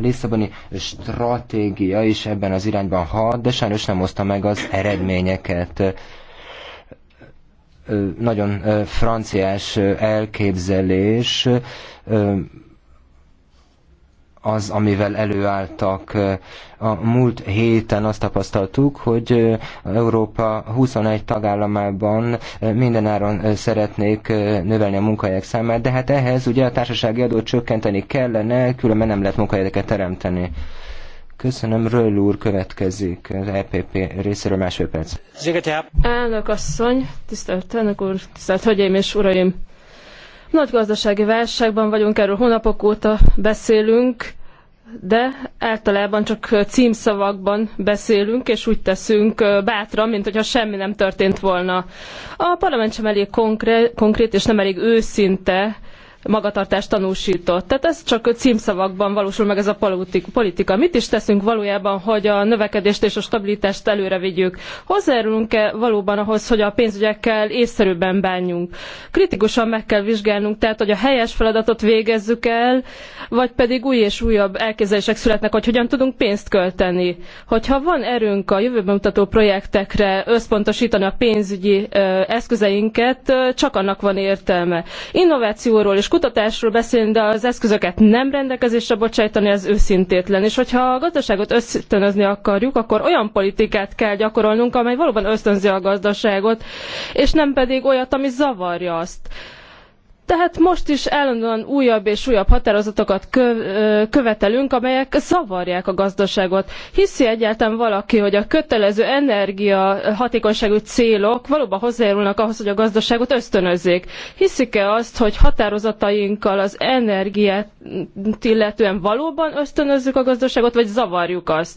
Lisszaboni stratégia is ebben az irányban hat, de sajnos nem hozta meg az eredményeket nagyon franciás elképzelés az, amivel előálltak. A múlt héten azt tapasztaltuk, hogy Európa 21 tagállamában mindenáron szeretnék növelni a munkahelyek számát, de hát ehhez ugye a társasági adót csökkenteni kellene, különben nem lehet munkahelyeket teremteni. Köszönöm, Röll úr következik az EPP részéről másfél perc. Elnök asszony, tisztelt elnök úr, tisztelt hölgyeim és uraim! Nagy gazdasági válságban vagyunk, erről hónapok óta beszélünk, de általában csak címszavakban beszélünk, és úgy teszünk bátran, mint hogyha semmi nem történt volna. A parlament sem elég konkrét, konkrét és nem elég őszinte magatartást tanúsított. Tehát ez csak címszavakban valósul meg ez a politika. Mit is teszünk valójában, hogy a növekedést és a stabilitást előre vigyük? Hozzájárulunk-e valóban ahhoz, hogy a pénzügyekkel észszerűbben bánjunk? Kritikusan meg kell vizsgálnunk, tehát hogy a helyes feladatot végezzük el, vagy pedig új és újabb elképzelések születnek, hogy hogyan tudunk pénzt költeni. Hogyha van erőnk a jövőben mutató projektekre összpontosítani a pénzügyi eszközeinket, csak annak van értelme. Innovációról is tudományos kutatásról beszélni, de az eszközöket nem rendelkezésre bocsájtani, ez őszintétlen. És hogyha a gazdaságot ösztönözni akarjuk, akkor olyan politikát kell gyakorolnunk, amely valóban ösztönzi a gazdaságot, és nem pedig olyat, ami zavarja azt. Tehát most is állandóan újabb és újabb határozatokat követelünk, amelyek zavarják a gazdaságot. Hiszi egyáltalán valaki, hogy a kötelező energia hatékonyságú célok valóban hozzájárulnak ahhoz, hogy a gazdaságot ösztönözzék? Hiszik-e azt, hogy határozatainkkal az energiát illetően valóban ösztönözzük a gazdaságot, vagy zavarjuk azt?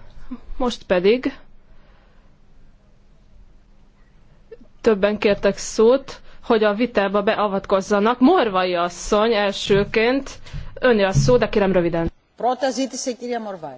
Most pedig többen kértek szót, hogy a vitába beavatkozzanak. Morvai asszony elsőként, önje a szó, de kérem röviden. Πρώτα ζήτησε Morvai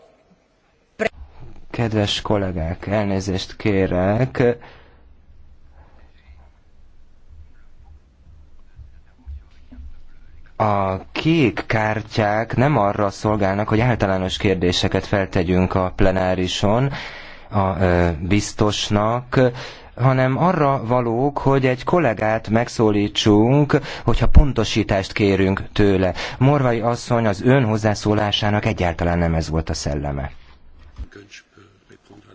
Kedves kollégák, elnézést kérek. A kék kártyák nem arra szolgálnak, hogy általános kérdéseket feltegyünk a plenárison a biztosnak, hanem arra valók, hogy egy kollégát megszólítsunk, hogyha pontosítást kérünk tőle. Morvai asszony az ön hozzászólásának egyáltalán nem ez volt a szelleme.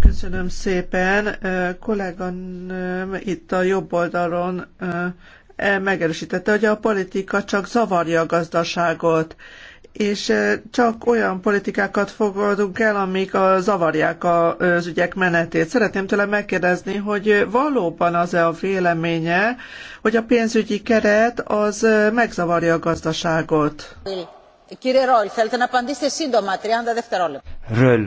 Köszönöm szépen. Kolléganőm itt a jobb oldalon e, megerősítette, hogy a politika csak zavarja a gazdaságot és csak olyan politikákat fogadunk el, amik a, zavarják az ügyek menetét. Szeretném tőle megkérdezni, hogy valóban az-e a véleménye, hogy a pénzügyi keret az megzavarja a gazdaságot? Kire Roll, θέλετε να απαντήσετε σύντομα, 30 δευτερόλεπτα. Röll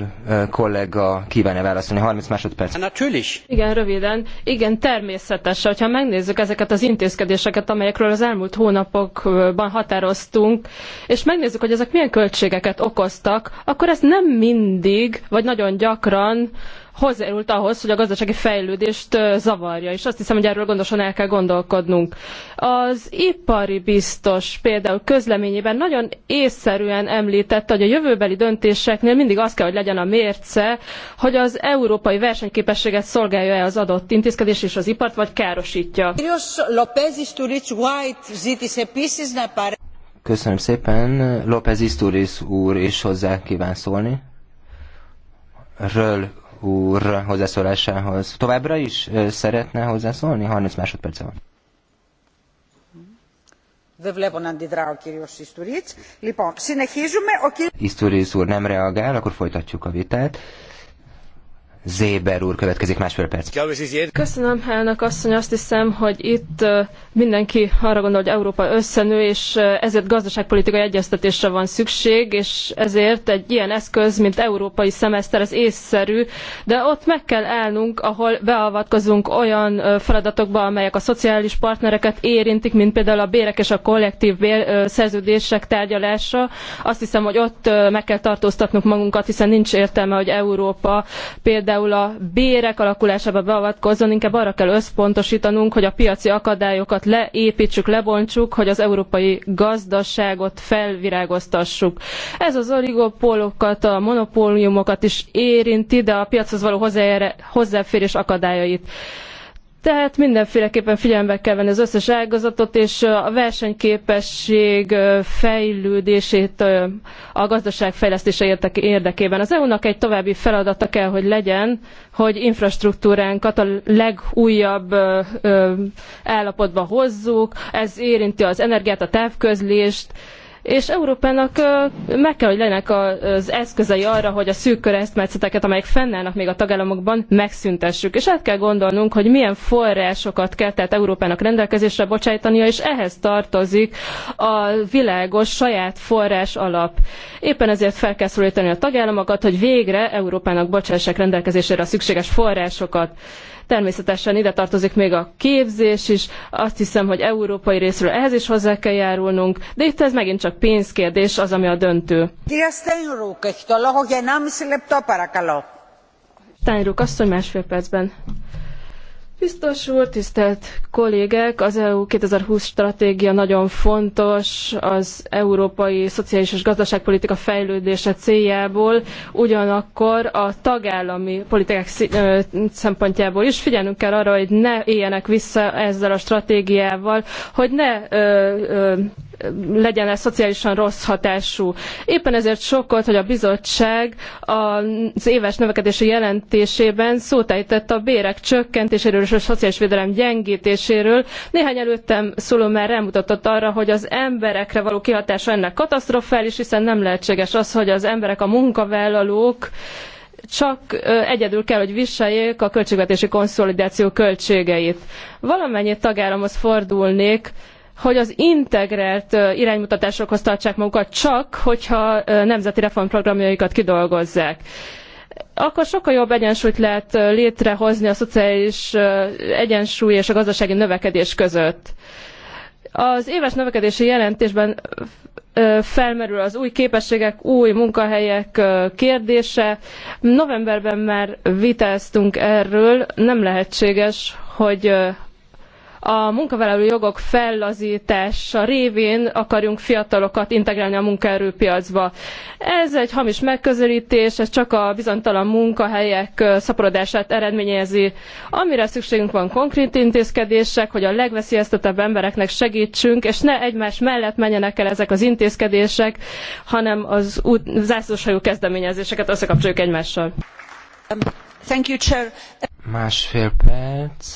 kollega kívánja válaszolni, 30 másodperc. Hát Igen, röviden. Igen, természetes, hogyha megnézzük ezeket az intézkedéseket, amelyekről az elmúlt hónapokban határoztunk, és megnézzük, hogy ezek milyen költségeket okoztak, akkor ez nem mindig, vagy nagyon gyakran hozzájárult ahhoz, hogy a gazdasági fejlődést zavarja, és azt hiszem, hogy erről gondosan el kell gondolkodnunk. Az ipari biztos például közleményében nagyon észszerűen említette, hogy a jövőbeli döntéseknél mindig az kell, hogy legyen a mérce, hogy az európai versenyképességet szolgálja-e az adott intézkedés és az ipart, vagy károsítja. Köszönöm szépen. López Isturiz úr is hozzá kíván szólni. Ről úr hozzászólásához. Továbbra is szeretne hozzászólni? 30 másodperc van. Δεν úr nem reagál, akkor folytatjuk a vitát. Zéber úr következik másfél perc. Köszönöm, elnök asszony. Azt hiszem, hogy itt mindenki arra gondol, hogy Európa összenő, és ezért gazdaságpolitikai egyeztetésre van szükség, és ezért egy ilyen eszköz, mint európai szemeszter, ez észszerű, de ott meg kell állnunk, ahol beavatkozunk olyan feladatokba, amelyek a szociális partnereket érintik, mint például a bérek és a kollektív bér, szerződések tárgyalása. Azt hiszem, hogy ott meg kell tartóztatnunk magunkat, hiszen nincs értelme, hogy Európa például például a bérek alakulásába beavatkozzon, inkább arra kell összpontosítanunk, hogy a piaci akadályokat leépítsük, lebontsuk, hogy az európai gazdaságot felvirágoztassuk. Ez az oligopólokat, a monopóliumokat is érinti, de a piachoz való hozzáférés akadályait. Tehát mindenféleképpen figyelembe kell venni az összes ágazatot, és a versenyképesség fejlődését a gazdaság fejlesztése érdekében. Az EU-nak egy további feladata kell, hogy legyen, hogy infrastruktúránkat a legújabb állapotba hozzuk. Ez érinti az energiát, a távközlést, és Európának meg kell, hogy legyenek az eszközei arra, hogy a szűk keresztmetszeteket, amelyek fennállnak még a tagállamokban, megszüntessük. És át kell gondolnunk, hogy milyen forrásokat kell tehát Európának rendelkezésre bocsájtania, és ehhez tartozik a világos saját forrás alap. Éppen ezért fel kell szólítani a tagállamokat, hogy végre Európának bocsássák rendelkezésére a szükséges forrásokat. Természetesen ide tartozik még a képzés is, azt hiszem, hogy európai részről ehhez is hozzá kell járulnunk, de itt ez megint csak pénzkérdés az, ami a döntő. Steinruck asszony másfél percben. Biztos úr, tisztelt kollégek, az EU 2020 stratégia nagyon fontos az európai szociális és gazdaságpolitika fejlődése céljából, ugyanakkor a tagállami politikák szempontjából is figyelnünk kell arra, hogy ne éljenek vissza ezzel a stratégiával, hogy ne ö, ö, legyen ez szociálisan rossz hatású. Éppen ezért sokkolt, hogy a bizottság az éves növekedési jelentésében szótájtett a bérek csökkentéséről és a szociális védelem gyengítéséről. Néhány előttem szóló már rámutatott arra, hogy az emberekre való kihatása ennek katasztrofális, hiszen nem lehetséges az, hogy az emberek, a munkavállalók csak egyedül kell, hogy viseljék a költségvetési konszolidáció költségeit. Valamennyi tagállamhoz fordulnék, hogy az integrált iránymutatásokhoz tartsák magukat csak, hogyha nemzeti reformprogramjaikat kidolgozzák akkor sokkal jobb egyensúlyt lehet létrehozni a szociális egyensúly és a gazdasági növekedés között. Az éves növekedési jelentésben felmerül az új képességek, új munkahelyek kérdése. Novemberben már vitáztunk erről, nem lehetséges, hogy a munkavállaló jogok fellazítása révén akarjunk fiatalokat integrálni a munkaerőpiacba. Ez egy hamis megközelítés, ez csak a bizonytalan munkahelyek szaporodását eredményezi. Amire szükségünk van konkrét intézkedések, hogy a legveszélyeztetebb embereknek segítsünk, és ne egymás mellett menjenek el ezek az intézkedések, hanem az zászlóshajó kezdeményezéseket összekapcsoljuk egymással. Thank you, Chair. Másfél perc.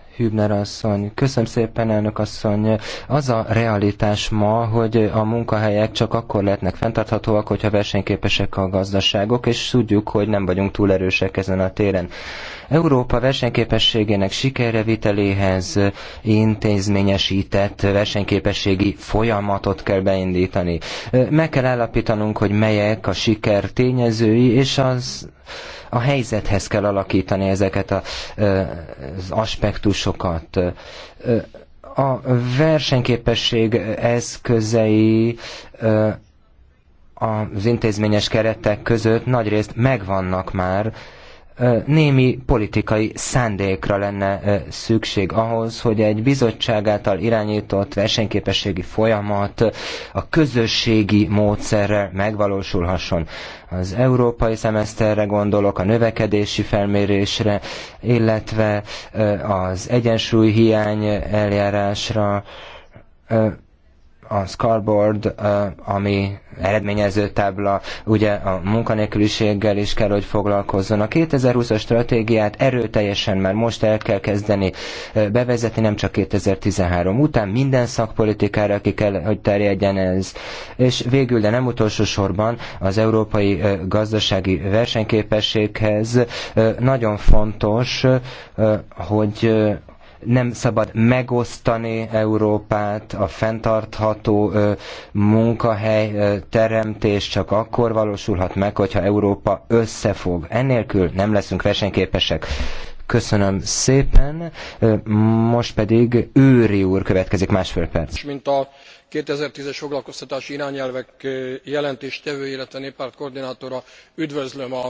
Hübner asszony. Köszönöm szépen, elnök asszony. Az a realitás ma, hogy a munkahelyek csak akkor lehetnek fenntarthatóak, hogyha versenyképesek a gazdaságok, és tudjuk, hogy nem vagyunk túl erősek ezen a téren. Európa versenyképességének sikerreviteléhez intézményesített versenyképességi folyamatot kell beindítani. Meg kell állapítanunk, hogy melyek a siker tényezői, és az a helyzethez kell alakítani ezeket a, az aspektusokat kihívásokat. A versenyképesség eszközei az intézményes keretek között nagyrészt megvannak már, némi politikai szándékra lenne szükség ahhoz, hogy egy bizottság által irányított versenyképességi folyamat a közösségi módszerrel megvalósulhasson. Az európai szemeszterre gondolok, a növekedési felmérésre, illetve az egyensúlyhiány eljárásra, a scoreboard, ami eredményező tábla, ugye a munkanélküliséggel is kell, hogy foglalkozzon. A 2020-as stratégiát erőteljesen már most el kell kezdeni bevezetni, nem csak 2013 után, minden szakpolitikára ki kell, hogy terjedjen ez. És végül, de nem utolsó sorban az európai gazdasági versenyképességhez nagyon fontos, hogy nem szabad megosztani Európát, a fenntartható munkahely teremtés csak akkor valósulhat meg, hogyha Európa összefog. Ennélkül nem leszünk versenyképesek. Köszönöm szépen. Most pedig Őri úr következik másfél perc. Mint a 2010-es foglalkoztatási irányelvek jelentéstevő, illetve néppárt koordinátora üdvözlöm a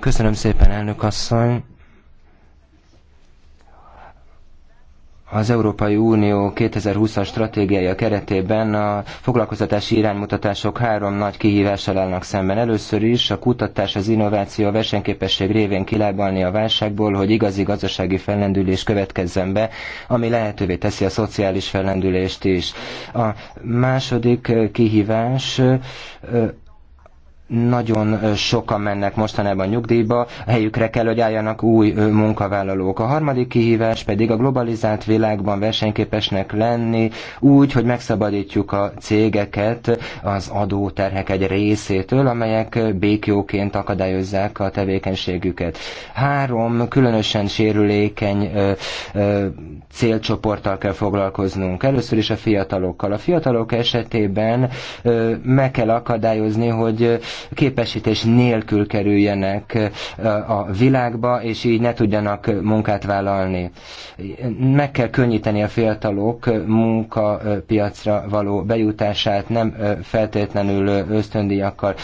Köszönöm szépen, elnök asszony. az Európai Unió 2020-as stratégiája keretében a foglalkoztatási iránymutatások három nagy kihívással állnak szemben. Először is a kutatás, az innováció, a versenyképesség révén kilábalni a válságból, hogy igazi gazdasági fellendülés következzen be, ami lehetővé teszi a szociális fellendülést is. A második kihívás nagyon sokan mennek mostanában nyugdíjba, a helyükre kell, hogy álljanak új munkavállalók. A harmadik kihívás pedig a globalizált világban versenyképesnek lenni, úgy, hogy megszabadítjuk a cégeket az adóterhek egy részétől, amelyek békjóként akadályozzák a tevékenységüket. Három különösen sérülékeny ö, ö, célcsoporttal kell foglalkoznunk. Először is a fiatalokkal. A fiatalok esetében ö, meg kell akadályozni, hogy képesítés nélkül kerüljenek eh, a világba, és így ne tudjanak munkát vállalni. Meg kell könnyíteni a fiatalok munkapiacra való bejutását, nem eh, feltétlenül eh, ösztöndíjakkal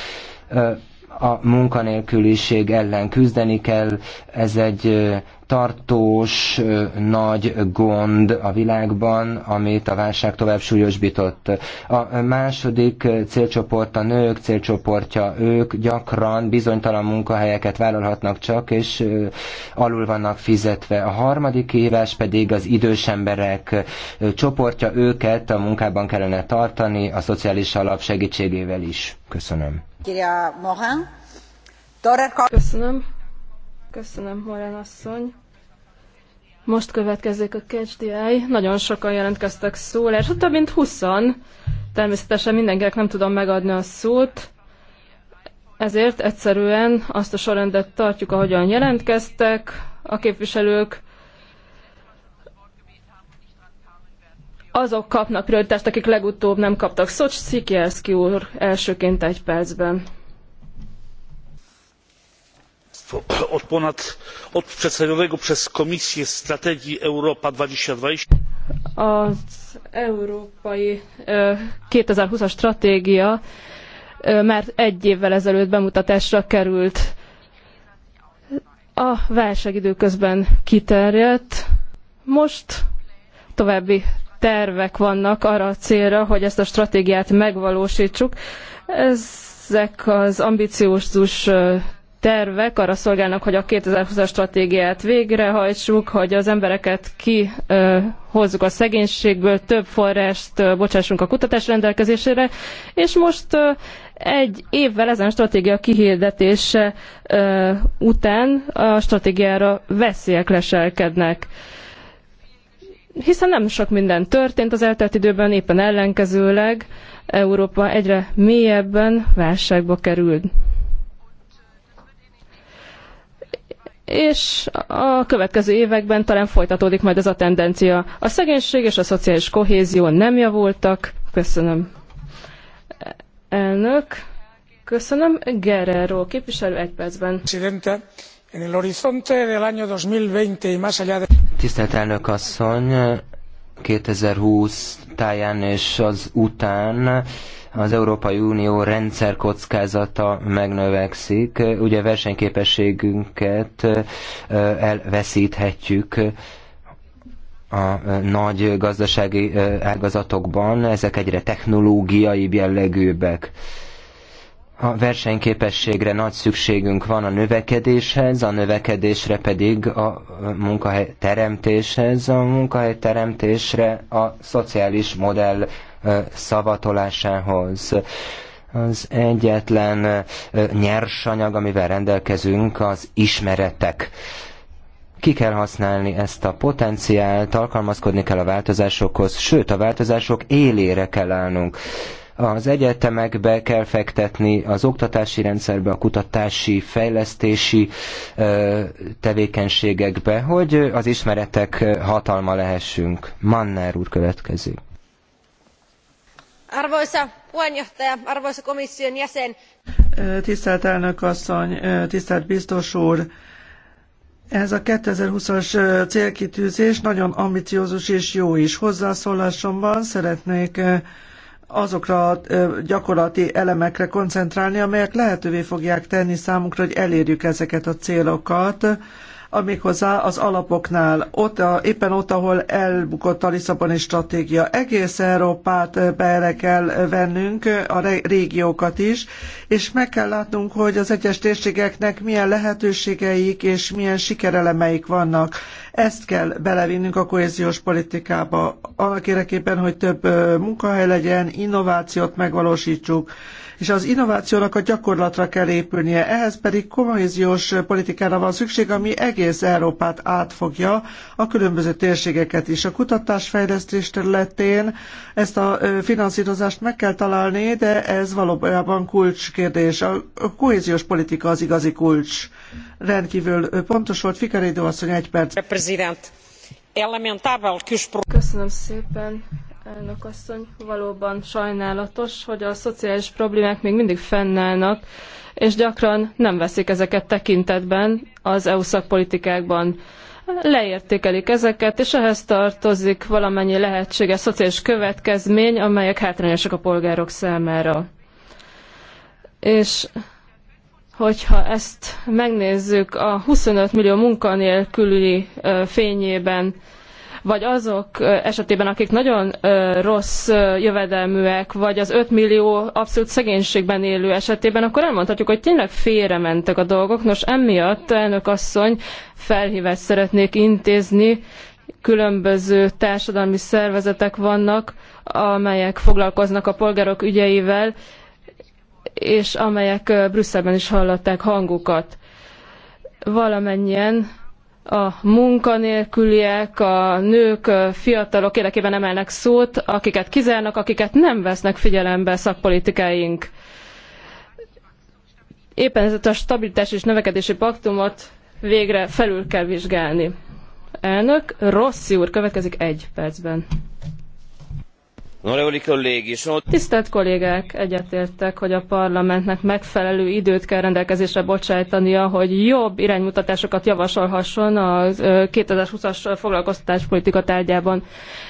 a munkanélküliség ellen küzdeni kell, ez egy tartós nagy gond a világban, amit a válság tovább súlyosbított. A második célcsoport a nők célcsoportja, ők gyakran bizonytalan munkahelyeket vállalhatnak csak, és alul vannak fizetve. A harmadik éves pedig az idős emberek csoportja, őket a munkában kellene tartani, a szociális alap segítségével is. Köszönöm. Köszönöm. Köszönöm, Most következik a KHDI. Nagyon sokan jelentkeztek szólásra, hát több mint 20 Természetesen mindenkinek nem tudom megadni a szót, ezért egyszerűen azt a sorrendet tartjuk, ahogyan jelentkeztek a képviselők, azok kapnak prioritást, akik legutóbb nem kaptak. Szocs Szikielszki úr elsőként egy percben. Od ponad, od przedstawionego przez Komisję Strategii Europa 2020. Az európai 2020-as stratégia már egy évvel ezelőtt bemutatásra került. A válság időközben kiterjedt, most további tervek vannak arra a célra, hogy ezt a stratégiát megvalósítsuk. Ezek az ambiciózus tervek arra szolgálnak, hogy a 2020-as stratégiát végrehajtsuk, hogy az embereket kihozzuk a szegénységből, több forrást bocsássunk a kutatás rendelkezésére, és most egy évvel ezen a stratégia kihirdetése után a stratégiára veszélyek leselkednek hiszen nem sok minden történt az eltelt időben, éppen ellenkezőleg Európa egyre mélyebben válságba került. és a következő években talán folytatódik majd ez a tendencia. A szegénység és a szociális kohézió nem javultak. Köszönöm. Elnök, köszönöm. Guerrero képviselő egy percben. Tisztelt elnök asszony, 2020 táján és az után az Európai Unió rendszer kockázata megnövekszik. Ugye versenyképességünket elveszíthetjük a nagy gazdasági ágazatokban, ezek egyre technológiai jellegűbbek. A versenyképességre nagy szükségünk van a növekedéshez, a növekedésre pedig a munkahely teremtéshez, a munkahely teremtésre a szociális modell szavatolásához. Az egyetlen nyersanyag, amivel rendelkezünk, az ismeretek ki kell használni ezt a potenciált, alkalmazkodni kell a változásokhoz, sőt a változások élére kell állnunk. Az egyetemekbe kell fektetni, az oktatási rendszerbe, a kutatási, fejlesztési tevékenységekbe, hogy az ismeretek hatalma lehessünk. Manner úr következő. Arvoisa puheenjohtaja, arvoisa komission jäsen. Tisztelt elnök asszony, tisztelt biztos úr, ez a 2020-as célkitűzés nagyon ambiciózus és jó is. Hozzászólásomban szeretnék azokra a gyakorlati elemekre koncentrálni, amelyek lehetővé fogják tenni számunkra, hogy elérjük ezeket a célokat, méghozzá az alapoknál, ott, éppen ott, ahol elbukott a Lisszaboni stratégia. Egész Európát bele kell vennünk, a régiókat is, és meg kell látnunk, hogy az egyes térségeknek milyen lehetőségeik és milyen sikerelemeik vannak ezt kell belevinnünk a kohéziós politikába, annak érdekében, hogy több munkahely legyen, innovációt megvalósítsuk, és az innovációnak a gyakorlatra kell épülnie. Ehhez pedig kohéziós politikára van szükség, ami egész Európát átfogja, a különböző térségeket is. A kutatásfejlesztés területén ezt a finanszírozást meg kell találni, de ez valójában kulcskérdés. A kohéziós politika az igazi kulcs. Rendkívül pontos volt. Fikerédő asszony, egy perc. Köszönöm szépen, elnök Valóban sajnálatos, hogy a szociális problémák még mindig fennállnak, és gyakran nem veszik ezeket tekintetben az EU szakpolitikákban. Leértékelik ezeket, és ehhez tartozik valamennyi lehetséges szociális következmény, amelyek hátrányosak a polgárok számára. És hogyha ezt megnézzük a 25 millió munkanélküli fényében, vagy azok esetében, akik nagyon rossz jövedelműek, vagy az 5 millió abszolút szegénységben élő esetében, akkor elmondhatjuk, hogy tényleg félrementek a dolgok. Nos, emiatt elnök asszony felhívást szeretnék intézni, különböző társadalmi szervezetek vannak, amelyek foglalkoznak a polgárok ügyeivel, és amelyek Brüsszelben is hallották hangukat. Valamennyien a munkanélküliek, a nők, fiatalok érdekében emelnek szót, akiket kizárnak, akiket nem vesznek figyelembe szakpolitikáink. Éppen ezért a stabilitás és növekedési paktumot végre felül kell vizsgálni. Elnök, Rossi úr, következik egy percben. Tisztelt kollégák, egyetértek, hogy a parlamentnek megfelelő időt kell rendelkezésre bocsájtania, hogy jobb iránymutatásokat javasolhasson a 2020-as foglalkoztatáspolitika tárgyában.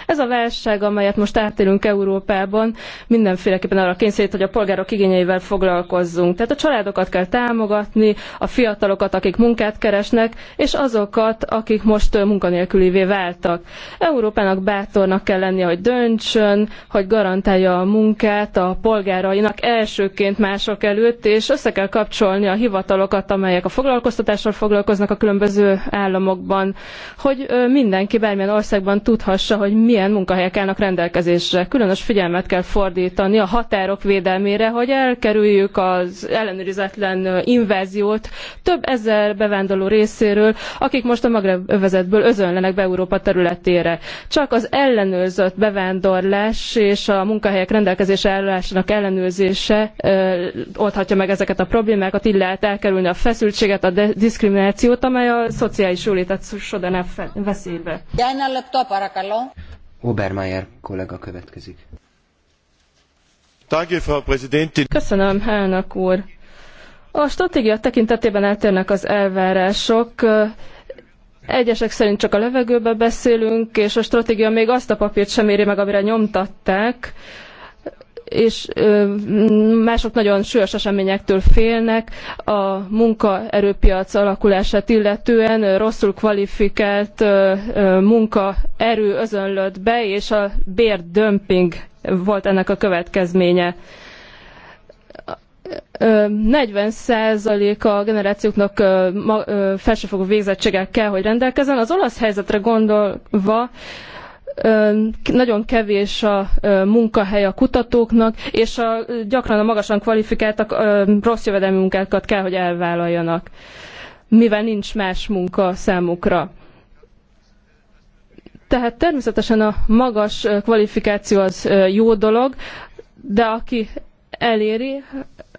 Ez a válság, amelyet most átélünk Európában, mindenféleképpen arra kényszerít, hogy a polgárok igényeivel foglalkozzunk. Tehát a családokat kell támogatni, a fiatalokat, akik munkát keresnek, és azokat, akik most munkanélkülivé váltak. Európának bátornak kell lennie, hogy döntsön, hogy garantálja a munkát a polgárainak elsőként mások előtt, és össze kell kapcsolni a hivatalokat, amelyek a foglalkoztatással foglalkoznak a különböző államokban, hogy mindenki bármilyen országban tudhassa, hogy milyen munkahelyek állnak rendelkezésre. Különös figyelmet kell fordítani a határok védelmére, hogy elkerüljük az ellenőrizetlen inváziót több ezer bevándorló részéről, akik most a Magreb övezetből özönlenek be Európa területére. Csak az ellenőrzött bevándorlás és a munkahelyek rendelkezésre állásának ellenőrzése ö, oldhatja meg ezeket a problémákat, így lehet elkerülni a feszültséget, a diszkriminációt, amely a szociális jólétet sodaná veszélybe. Obermeier kollega következik. Köszönöm, elnök úr. A stratégia tekintetében eltérnek az elvárások. Egyesek szerint csak a levegőbe beszélünk, és a stratégia még azt a papírt sem éri meg, amire nyomtatták, és mások nagyon súlyos eseményektől félnek. A munkaerőpiac alakulását illetően rosszul kvalifikált munkaerő özönlött be, és a bérdömping volt ennek a következménye. 40% a generációknak felsőfokú végzettséggel kell, hogy rendelkezzen. Az olasz helyzetre gondolva nagyon kevés a munkahely a kutatóknak, és a, gyakran a magasan kvalifikáltak rossz jövedelmi munkákat kell, hogy elvállaljanak, mivel nincs más munka számukra. Tehát természetesen a magas kvalifikáció az jó dolog, de aki eléri,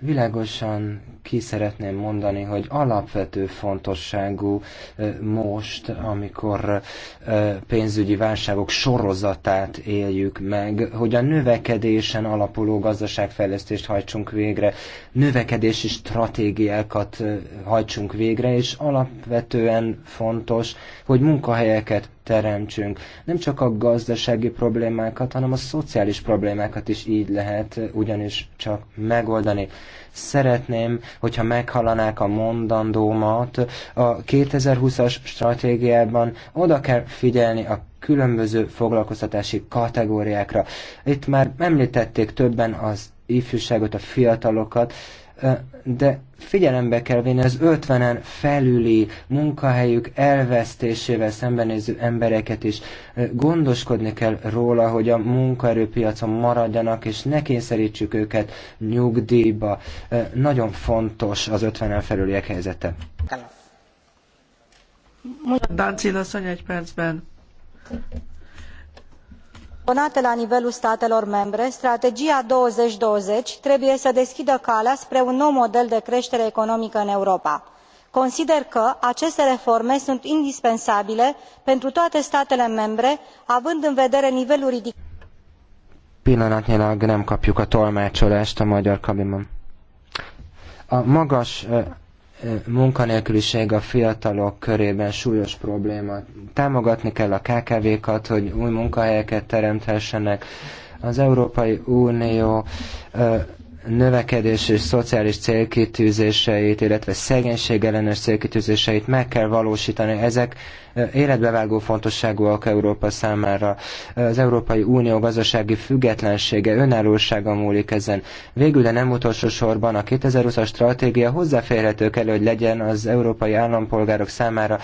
világosan ki szeretném mondani, hogy alapvető fontosságú most, amikor pénzügyi válságok sorozatát éljük meg, hogy a növekedésen alapuló gazdaságfejlesztést hajtsunk végre, növekedési stratégiákat hajtsunk végre, és alapvetően fontos, hogy munkahelyeket teremtsünk. Nem csak a gazdasági problémákat, hanem a szociális problémákat is így lehet ugyanis csak megoldani. Szeretném, hogyha meghallanák a mondandómat, a 2020-as stratégiában oda kell figyelni a különböző foglalkoztatási kategóriákra. Itt már említették többen az ifjúságot, a fiatalokat, de figyelembe kell venni az 50-en felüli munkahelyük elvesztésével szembenéző embereket is. Gondoskodni kell róla, hogy a munkaerőpiacon maradjanak, és ne kényszerítsük őket nyugdíjba. Nagyon fontos az 50-en felüliek helyzete. Dáncil asszony egy percben transpunate la nivelul statelor membre strategia două mii douăzeci trebuie să deschidă calea spre un nou model de cretere economică în europa. consider că aceste reforme sunt indispensabile pentru toate statele membre având în vedere nivelul ridicat munkanélküliség a fiatalok körében súlyos probléma. Támogatni kell a KKV-kat, hogy új munkahelyeket teremthessenek. Az Európai Unió növekedés és szociális célkitűzéseit, illetve szegénység ellenes célkitűzéseit meg kell valósítani. Ezek életbevágó fontosságúak Európa számára. Az Európai Unió gazdasági függetlensége, önállósága múlik ezen. Végül, de nem utolsó sorban a 2020-as stratégia hozzáférhető kell, hogy legyen az európai állampolgárok számára.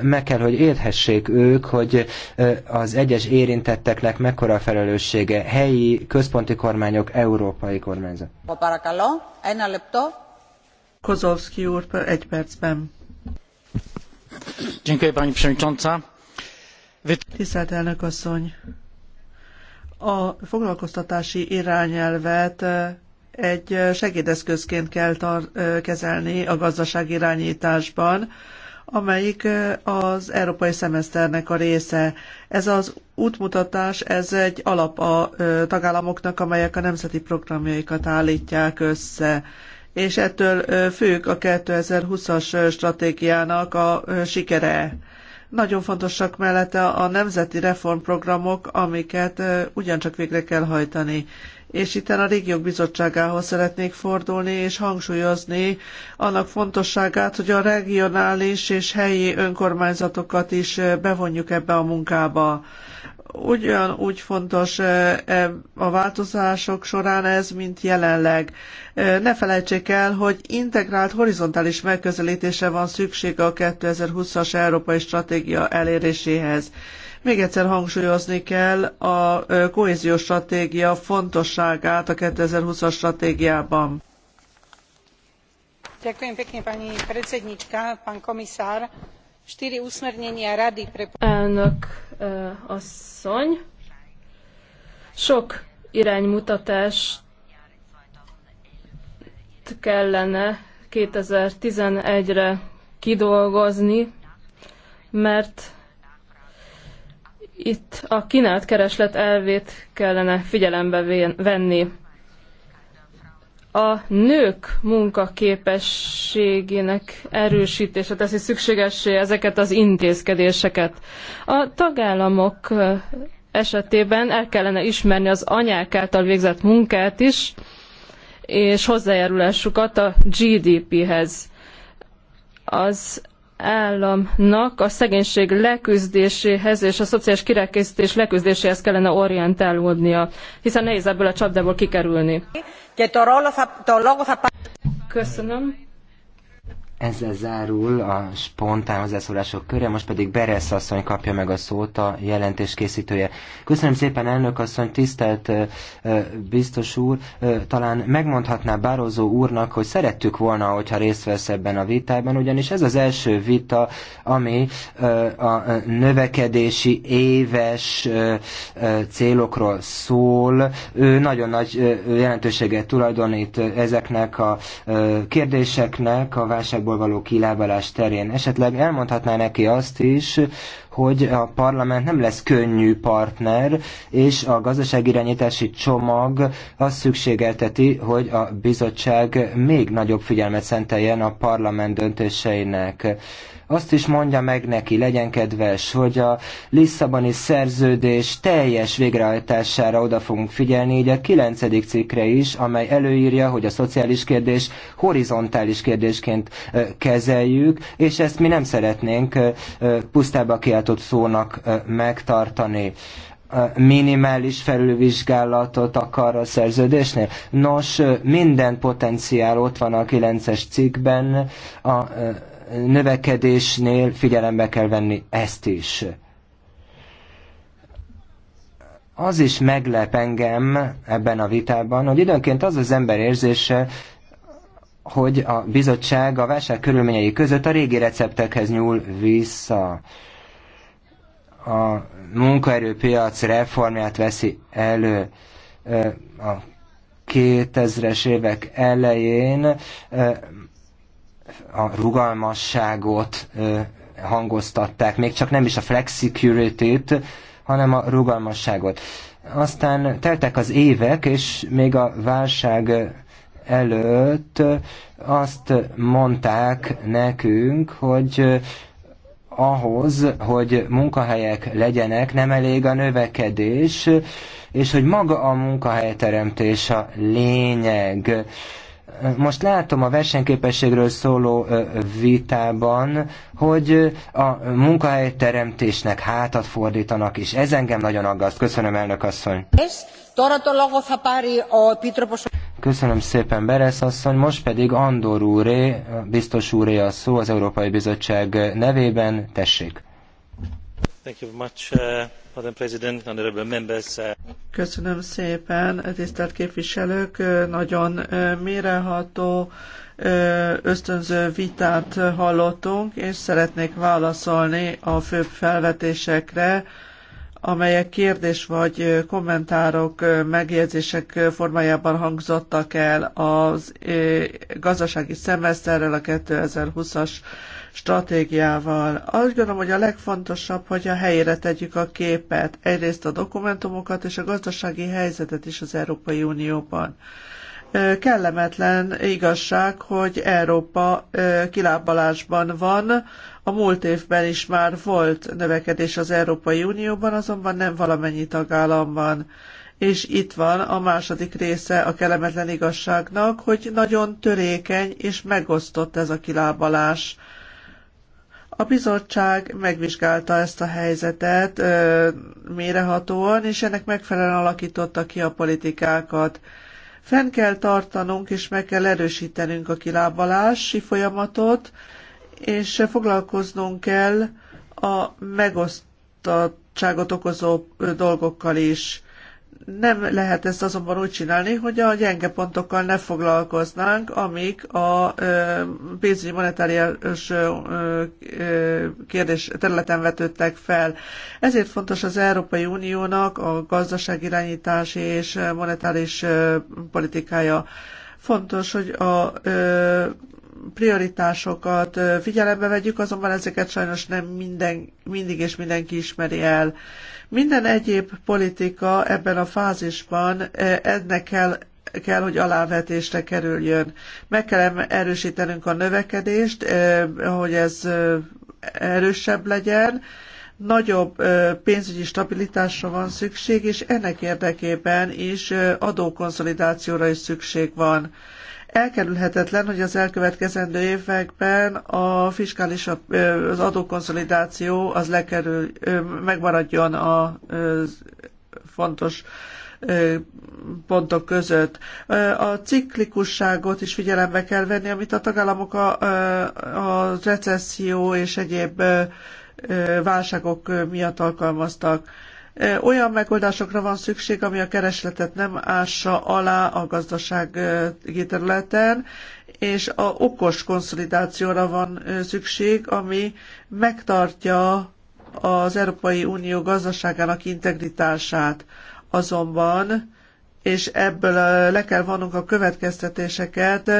Meg kell, hogy érthessék ők, hogy az egyes érintetteknek mekkora a felelőssége. Helyi, központi kormányok, európai kormányzat. Kozovszki úr, egy percben tisztelt elnök asszony! a foglalkoztatási irányelvet e, egy segédeszközként kell e, kezelni a irányításban, amelyik e, az európai szemeszternek a része. Ez az útmutatás, ez egy alap a tagállamoknak, amelyek a nemzeti programjaikat állítják össze és ettől függ a 2020-as stratégiának a sikere. Nagyon fontosak mellette a nemzeti reformprogramok, amiket ugyancsak végre kell hajtani és itt a régiók bizottságához szeretnék fordulni és hangsúlyozni annak fontosságát, hogy a regionális és helyi önkormányzatokat is bevonjuk ebbe a munkába ugyanúgy fontos e, e, a változások során ez, mint jelenleg. E, ne felejtsék el, hogy integrált horizontális megközelítésre van szükség a 2020-as Európai Stratégia eléréséhez. Még egyszer hangsúlyozni kell a kohéziós stratégia fontosságát a 2020-as stratégiában. Köszönöm szépen, pani predsednička, pán komisár štyri usmernenia rady pre... Elnök eh, asszony, sok iránymutatást kellene 2011-re kidolgozni, mert itt a kínált kereslet elvét kellene figyelembe venni a nők munkaképességének erősítése teszi szükségessé ezeket az intézkedéseket. A tagállamok esetében el kellene ismerni az anyák által végzett munkát is, és hozzájárulásukat a GDP-hez. Az államnak a szegénység leküzdéséhez és a szociális kirekesztés leküzdéséhez kellene orientálódnia, hiszen nehéz ebből a csapdából kikerülni. Köszönöm. Ezzel zárul a spontán hozzászólások köre, most pedig Beresz asszony kapja meg a szót, a jelentés készítője. Köszönöm szépen, elnök asszony, tisztelt biztos úr. Talán megmondhatná Bározó úrnak, hogy szerettük volna, hogyha részt vesz ebben a vitában, ugyanis ez az első vita, ami a növekedési éves célokról szól. Ő nagyon nagy jelentőséget tulajdonít ezeknek a kérdéseknek, a válságból való kilábalás terén. Esetleg elmondhatná neki azt is, hogy a parlament nem lesz könnyű partner, és a gazdaságirányítási csomag azt szükségelteti, hogy a bizottság még nagyobb figyelmet szenteljen a parlament döntéseinek azt is mondja meg neki, legyen kedves, hogy a Lisszaboni szerződés teljes végrehajtására oda fogunk figyelni, így a kilencedik cikkre is, amely előírja, hogy a szociális kérdés horizontális kérdésként kezeljük, és ezt mi nem szeretnénk pusztába kiáltani vizsgálatot szónak megtartani minimális felülvizsgálatot akar a szerződésnél. Nos, minden potenciál ott van a 9-es cikkben, a növekedésnél figyelembe kell venni ezt is. Az is meglep engem ebben a vitában, hogy időnként az az ember érzése, hogy a bizottság a válság körülményei között a régi receptekhez nyúl vissza a munkaerőpiac reformját veszi elő a 2000-es évek elején a rugalmasságot hangoztatták, még csak nem is a flexicurity-t, hanem a rugalmasságot. Aztán teltek az évek, és még a válság előtt azt mondták nekünk, hogy ahhoz, hogy munkahelyek legyenek, nem elég a növekedés, és hogy maga a munkahelyteremtés a lényeg. Most látom a versenyképességről szóló vitában, hogy a munkahelyteremtésnek hátat fordítanak, és ez engem nagyon aggaszt. Köszönöm, elnök asszony. Köszönöm szépen, Beresz asszony. Most pedig Andor úré, biztos úré a szó az Európai Bizottság nevében. Tessék! Uh, uh. Köszönöm szépen, tisztelt képviselők. Nagyon méreható, ösztönző vitát hallottunk, és szeretnék válaszolni a főbb felvetésekre, amelyek kérdés vagy kommentárok, megjegyzések formájában hangzottak el az gazdasági szemeszterrel, a 2020-as stratégiával. Azt gondolom, hogy a legfontosabb, hogy a helyére tegyük a képet, egyrészt a dokumentumokat és a gazdasági helyzetet is az Európai Unióban kellemetlen igazság, hogy Európa kilábalásban van. A múlt évben is már volt növekedés az Európai Unióban, azonban nem valamennyi tagállamban. És itt van a második része a kellemetlen igazságnak, hogy nagyon törékeny és megosztott ez a kilábalás. A bizottság megvizsgálta ezt a helyzetet ö, mérehatóan, és ennek megfelelően alakította ki a politikákat. Fenn kell tartanunk és meg kell erősítenünk a kilábalási folyamatot, és foglalkoznunk kell a megosztottságot okozó dolgokkal is. Nem lehet ezt azonban úgy csinálni, hogy a gyenge pontokkal ne foglalkoznánk, amik a pénzügyi monetáriás kérdés területen vetődtek fel. Ezért fontos az Európai Uniónak a gazdaságirányítási és monetáris politikája. Fontos, hogy a prioritásokat figyelembe vegyük, azonban ezeket sajnos nem minden, mindig és mindenki ismeri el. Minden egyéb politika ebben a fázisban eh, ennek kell kell, hogy alávetésre kerüljön. Meg kell erősítenünk a növekedést, eh, hogy ez eh, erősebb legyen, nagyobb pénzügyi stabilitásra van szükség, és ennek érdekében is adókonszolidációra is szükség van. Elkerülhetetlen, hogy az elkövetkezendő években a fiskális, az adókonszolidáció az lekerül, megmaradjon a fontos pontok között. A ciklikusságot is figyelembe kell venni, amit a tagállamok a, a recesszió és egyéb válságok miatt alkalmaztak. Olyan megoldásokra van szükség, ami a keresletet nem ássa alá a gazdasági területen, és a okos konszolidációra van szükség, ami megtartja az Európai Unió gazdaságának integritását. Azonban és ebből le kell vonnunk a következtetéseket.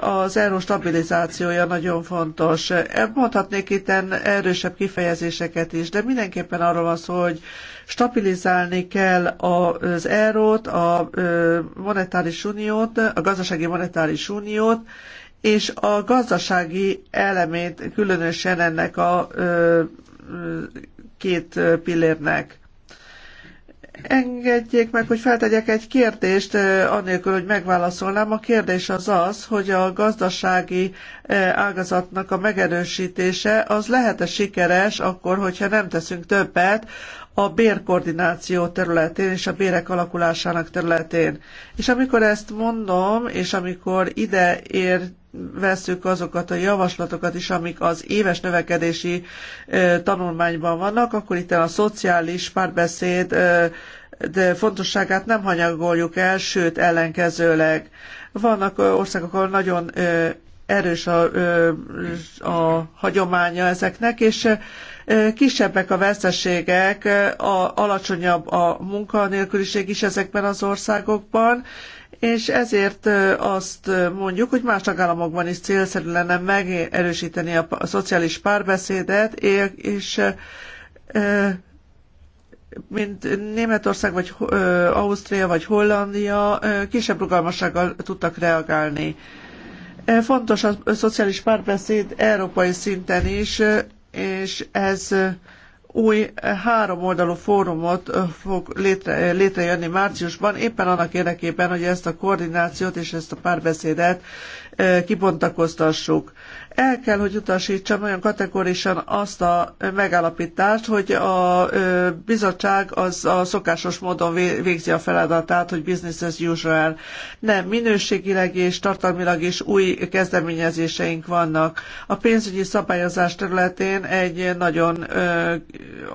Az euró stabilizációja nagyon fontos. Mondhatnék itt erősebb kifejezéseket is, de mindenképpen arról van szó, hogy stabilizálni kell az eurót, a monetáris uniót, a gazdasági monetáris uniót, és a gazdasági elemét különösen ennek a két pillérnek. Engedjék meg, hogy feltegyek egy kérdést, anélkül, hogy megválaszolnám. A kérdés az az, hogy a gazdasági ágazatnak a megerősítése az lehet-e sikeres akkor, hogyha nem teszünk többet a bérkoordináció területén és a bérek alakulásának területén. És amikor ezt mondom, és amikor ide ér vesszük azokat a javaslatokat is, amik az éves növekedési tanulmányban vannak, akkor itt a szociális párbeszéd de fontosságát nem hanyagoljuk el, sőt ellenkezőleg. Vannak országok, ahol nagyon erős a, a hagyománya ezeknek, és kisebbek a veszteségek, a, alacsonyabb a munkanélküliség is ezekben az országokban, és ezért azt mondjuk, hogy más tagállamokban is célszerű lenne megerősíteni a, a szociális párbeszédet, és mint Németország, vagy Ausztria, vagy Hollandia kisebb rugalmassággal tudtak reagálni. Fontos a szociális párbeszéd európai szinten is, és ez új háromoldalú fórumot fog létre, létrejönni márciusban, éppen annak érdekében, hogy ezt a koordinációt és ezt a párbeszédet kibontakoztassuk el kell, hogy utasítsam olyan kategórisan azt a megállapítást, hogy a bizottság az a szokásos módon végzi a feladatát, hogy business as usual. Nem, minőségileg és tartalmilag is új kezdeményezéseink vannak. A pénzügyi szabályozás területén egy nagyon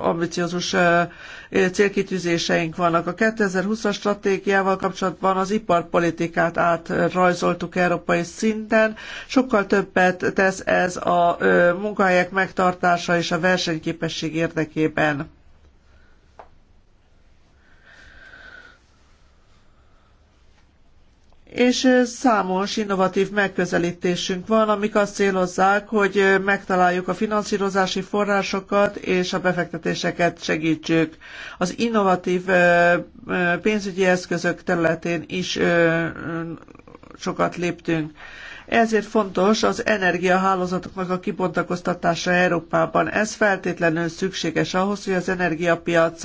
ambiciózus célkitűzéseink vannak. A 2020-as stratégiával kapcsolatban az iparpolitikát átrajzoltuk európai szinten. Sokkal többet tesz ez a munkahelyek megtartása és a versenyképesség érdekében. és számos innovatív megközelítésünk van, amik azt célozzák, hogy megtaláljuk a finanszírozási forrásokat és a befektetéseket segítsük. Az innovatív pénzügyi eszközök területén is sokat léptünk. Ezért fontos az energiahálózatoknak a kibontakoztatása Európában. Ez feltétlenül szükséges ahhoz, hogy az energiapiac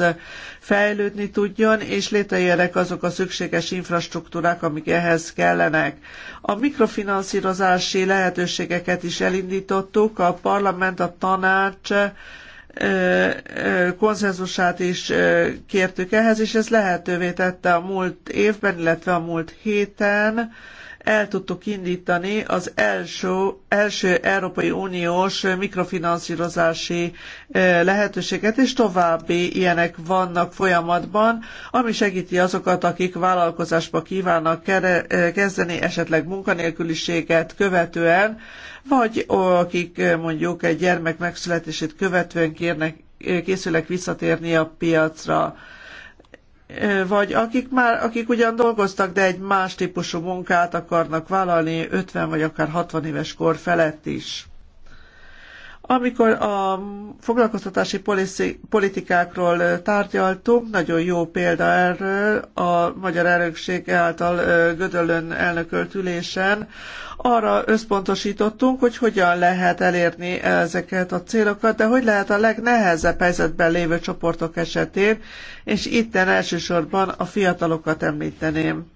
fejlődni tudjon, és létrejöjjenek azok a szükséges infrastruktúrák, amik ehhez kellenek. A mikrofinanszírozási lehetőségeket is elindítottuk, a parlament, a tanács, konszenzusát is kértük ehhez, és ez lehetővé tette a múlt évben, illetve a múlt héten, el tudtuk indítani az első, első Európai Uniós mikrofinanszírozási lehetőséget, és további ilyenek vannak folyamatban, ami segíti azokat, akik vállalkozásba kívánnak kezdeni, esetleg munkanélküliséget követően, vagy akik mondjuk egy gyermek megszületését követően kérnek, készülnek visszatérni a piacra vagy akik már, akik ugyan dolgoztak, de egy más típusú munkát akarnak vállalni 50 vagy akár 60 éves kor felett is. Amikor a foglalkoztatási politikákról tárgyaltunk, nagyon jó példa erről a magyar elnökség által Gödöllön elnökölt ülésen, arra összpontosítottunk, hogy hogyan lehet elérni ezeket a célokat, de hogy lehet a legnehezebb helyzetben lévő csoportok esetén, és itten elsősorban a fiatalokat említeném.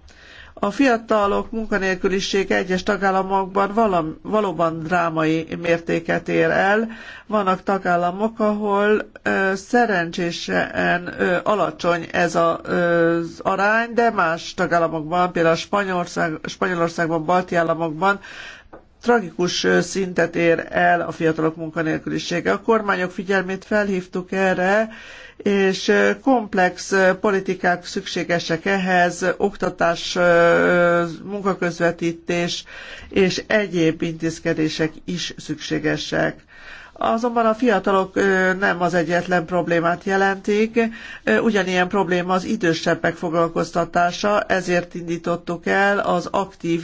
A fiatalok munkanélkülisége egyes tagállamokban valam, valóban drámai mértéket ér el. Vannak tagállamok, ahol ö, szerencsésen ö, alacsony ez a, ö, az arány, de más tagállamokban, például Spanyolország, Spanyolországban, balti államokban tragikus szintet ér el a fiatalok munkanélkülisége. A kormányok figyelmét felhívtuk erre, és komplex politikák szükségesek ehhez, oktatás, munkaközvetítés és egyéb intézkedések is szükségesek. Azonban a fiatalok nem az egyetlen problémát jelentik, ugyanilyen probléma az idősebbek foglalkoztatása, ezért indítottuk el az aktív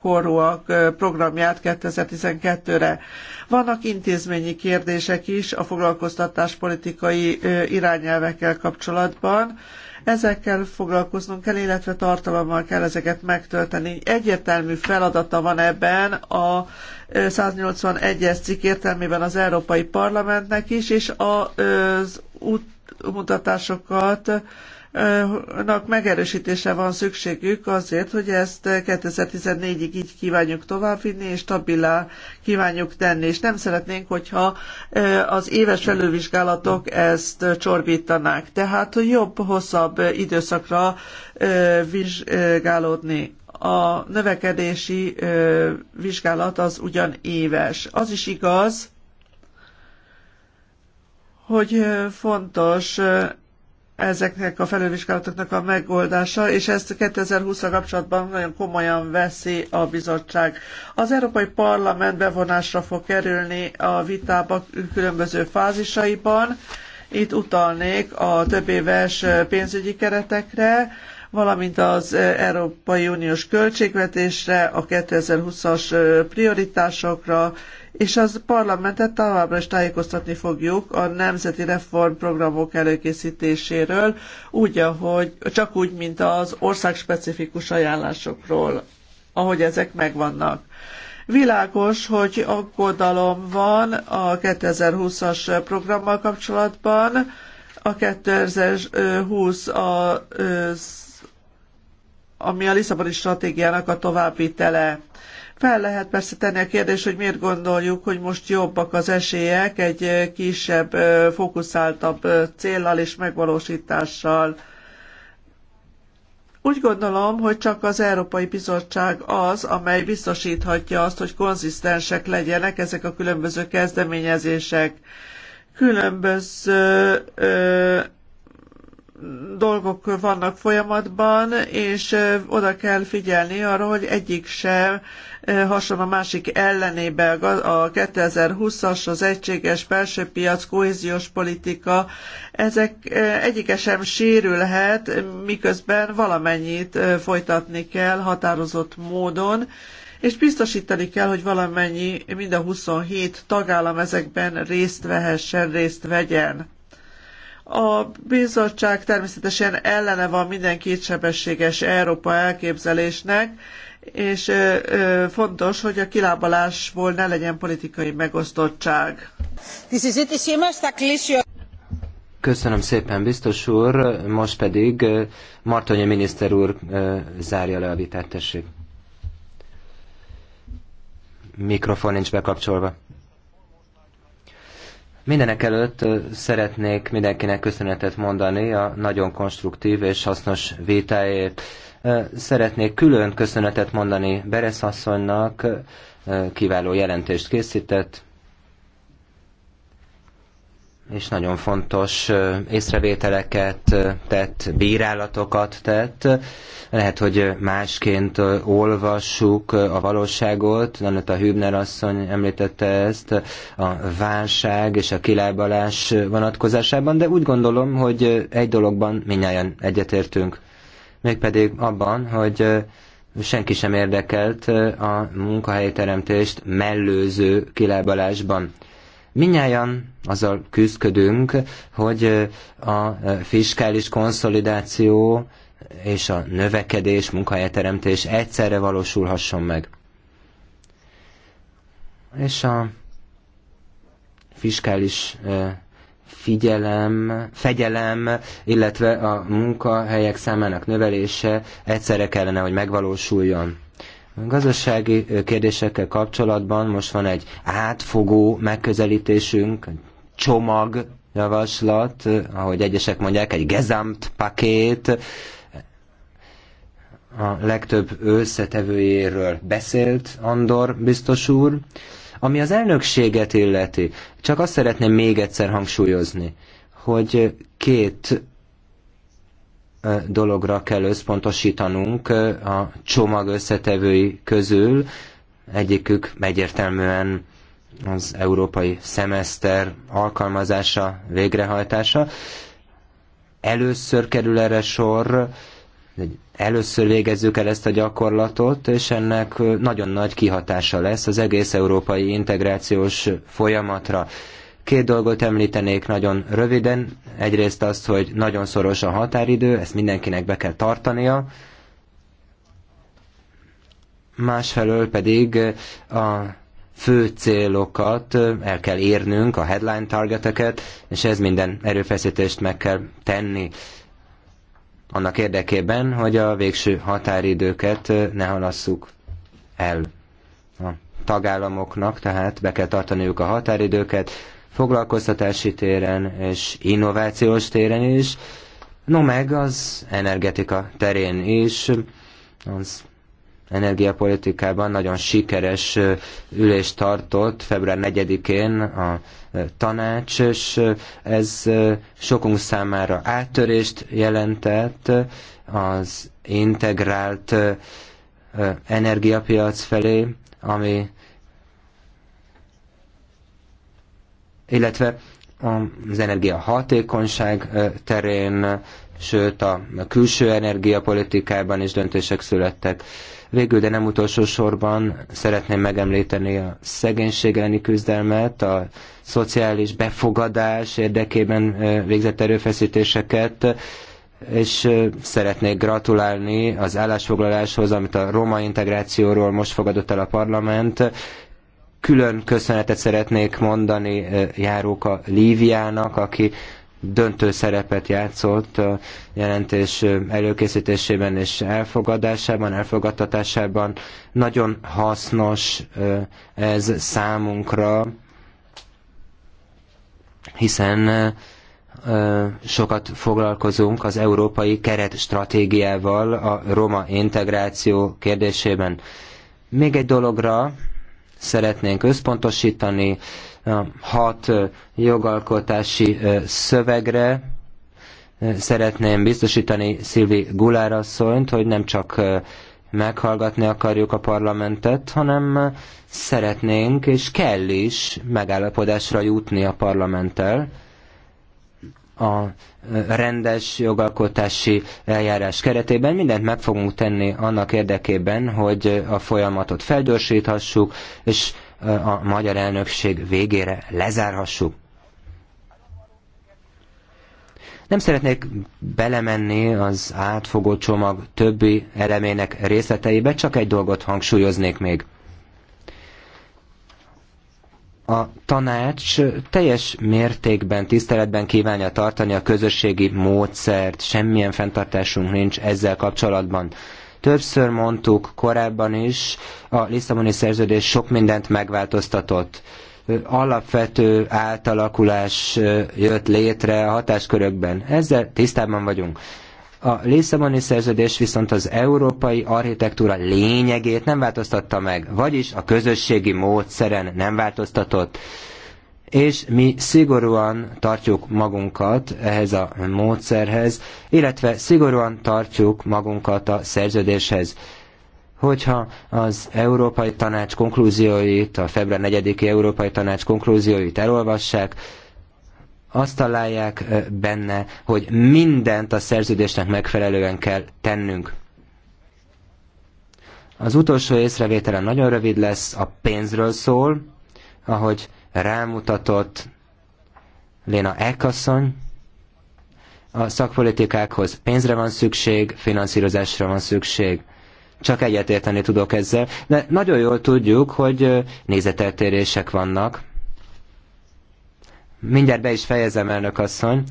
korúak programját 2012-re. Vannak intézményi kérdések is a foglalkoztatás politikai irányelvekkel kapcsolatban, Ezekkel foglalkoznunk kell, illetve tartalommal kell ezeket megtölteni. Egyértelmű feladata van ebben a 181-es cikk értelmében az Európai Parlamentnek is, és az útmutatásokat nak megerősítése van szükségük azért, hogy ezt 2014-ig így kívánjuk továbbvinni, és stabilá kívánjuk tenni, és nem szeretnénk, hogyha az éves felülvizsgálatok ezt csorbítanák. Tehát, jobb, hosszabb időszakra vizsgálódni a növekedési vizsgálat az ugyan éves. Az is igaz, hogy fontos ezeknek a felülvizsgálatoknak a megoldása, és ezt 2020-ra kapcsolatban nagyon komolyan veszi a bizottság. Az Európai Parlament bevonásra fog kerülni a vitába különböző fázisaiban. Itt utalnék a többéves pénzügyi keretekre, valamint az Európai Uniós költségvetésre, a 2020-as prioritásokra és az parlamentet továbbra is tájékoztatni fogjuk a nemzeti reformprogramok előkészítéséről, úgy, ahogy, csak úgy, mint az országspecifikus ajánlásokról, ahogy ezek megvannak. Világos, hogy aggodalom van a 2020-as programmal kapcsolatban, a 2020 a, ami a Lisszaboni stratégiának a tele. Fel lehet persze tenni a kérdés, hogy miért gondoljuk, hogy most jobbak az esélyek egy kisebb, fókuszáltabb céllal és megvalósítással. Úgy gondolom, hogy csak az Európai Bizottság az, amely biztosíthatja azt, hogy konzisztensek legyenek ezek a különböző kezdeményezések. Különböző ö, dolgok vannak folyamatban, és oda kell figyelni arra, hogy egyik sem hason a másik ellenébe a 2020-as, az egységes belső piac, kohéziós politika, ezek egyike sem sérülhet, miközben valamennyit folytatni kell határozott módon, és biztosítani kell, hogy valamennyi, mind a 27 tagállam ezekben részt vehessen, részt vegyen a bizottság természetesen ellene van minden kétsebességes Európa elképzelésnek, és fontos, hogy a kilábalásból ne legyen politikai megosztottság. Köszönöm szépen, biztos úr. Most pedig Martonyi miniszter úr zárja le a vitát, tessék. Mikrofon nincs bekapcsolva. Mindenek előtt szeretnék mindenkinek köszönetet mondani a nagyon konstruktív és hasznos vitáért. Szeretnék külön köszönetet mondani Beres asszonynak, kiváló jelentést készített, és nagyon fontos észrevételeket tett, bírálatokat tett. Lehet, hogy másként olvassuk a valóságot, Nanette a Hübner asszony említette ezt a válság és a kilábalás vonatkozásában, de úgy gondolom, hogy egy dologban minnyáján egyetértünk. Mégpedig abban, hogy senki sem érdekelt a munkahelyteremtést mellőző kilábalásban Minnyáján azzal küzdködünk, hogy a fiskális konszolidáció és a növekedés, munkahelyteremtés egyszerre valósulhasson meg. És a fiskális figyelem, fegyelem, illetve a munkahelyek számának növelése egyszerre kellene, hogy megvalósuljon. Gazdasági kérdésekkel kapcsolatban most van egy átfogó megközelítésünk, csomag javaslat, ahogy egyesek mondják, egy pakét, a legtöbb összetevőjéről beszélt Andor biztos úr. Ami az elnökséget illeti, csak azt szeretném még egyszer hangsúlyozni, hogy két dologra kell összpontosítanunk a csomag összetevői közül. Egyikük egyértelműen az európai szemeszter alkalmazása, végrehajtása. Először kerül erre sor, először végezzük el ezt a gyakorlatot, és ennek nagyon nagy kihatása lesz az egész európai integrációs folyamatra. Két dolgot említenék nagyon röviden. Egyrészt azt, hogy nagyon szoros a határidő, ezt mindenkinek be kell tartania. Másfelől pedig a fő célokat el kell érnünk, a headline targeteket, és ez minden erőfeszítést meg kell tenni annak érdekében, hogy a végső határidőket ne halasszuk el. A tagállamoknak tehát be kell tartaniuk a határidőket, foglalkoztatási téren és innovációs téren is, no meg az energetika terén is, az energiapolitikában nagyon sikeres ülést tartott február 4-én a tanács, és ez sokunk számára áttörést jelentett az integrált energiapiac felé, ami illetve az energia hatékonyság terén, sőt a külső energiapolitikában is döntések születtek. Végül, de nem utolsó sorban szeretném megemlíteni a szegénység elleni küzdelmet, a szociális befogadás érdekében végzett erőfeszítéseket, és szeretnék gratulálni az állásfoglaláshoz, amit a roma integrációról most fogadott el a parlament. Külön köszönetet szeretnék mondani eh, Járóka Líviának, aki döntő szerepet játszott a jelentés eh, előkészítésében és elfogadásában, elfogadtatásában. Nagyon hasznos eh, ez számunkra, hiszen sokat foglalkozunk az európai keretstratégiával a roma integráció kérdésében. Még egy dologra szeretnénk összpontosítani a hat jogalkotási szövegre, szeretném biztosítani Szilvi Gulárasszonyt, hogy nem csak meghallgatni akarjuk a parlamentet, hanem szeretnénk és kell is megállapodásra jutni a parlamenttel, a rendes jogalkotási eljárás keretében mindent meg fogunk tenni annak érdekében, hogy a folyamatot felgyorsíthassuk, és a magyar elnökség végére lezárhassuk. Nem szeretnék belemenni az átfogó csomag többi elemének részleteibe, csak egy dolgot hangsúlyoznék még a tanács teljes mértékben, tiszteletben kívánja tartani a közösségi módszert, semmilyen fenntartásunk nincs ezzel kapcsolatban. Többször mondtuk korábban is, a Lisszaboni szerződés sok mindent megváltoztatott. Alapvető átalakulás jött létre a hatáskörökben. Ezzel tisztában vagyunk. A Lisszaboni szerződés viszont az európai architektúra lényegét nem változtatta meg, vagyis a közösségi módszeren nem változtatott. És mi szigorúan tartjuk magunkat ehhez a módszerhez, illetve szigorúan tartjuk magunkat a szerződéshez hogyha az Európai Tanács konklúzióit, a február 4 Európai Tanács konklúzióit elolvassák, azt találják benne, hogy mindent a szerződésnek megfelelően kell tennünk. Az utolsó észrevétele nagyon rövid lesz, a pénzről szól, ahogy rámutatott Léna Ekasszony, a szakpolitikákhoz pénzre van szükség, finanszírozásra van szükség. Csak egyetérteni tudok ezzel, de nagyon jól tudjuk, hogy nézeteltérések vannak Mindjárt be is fejezem, elnök asszony.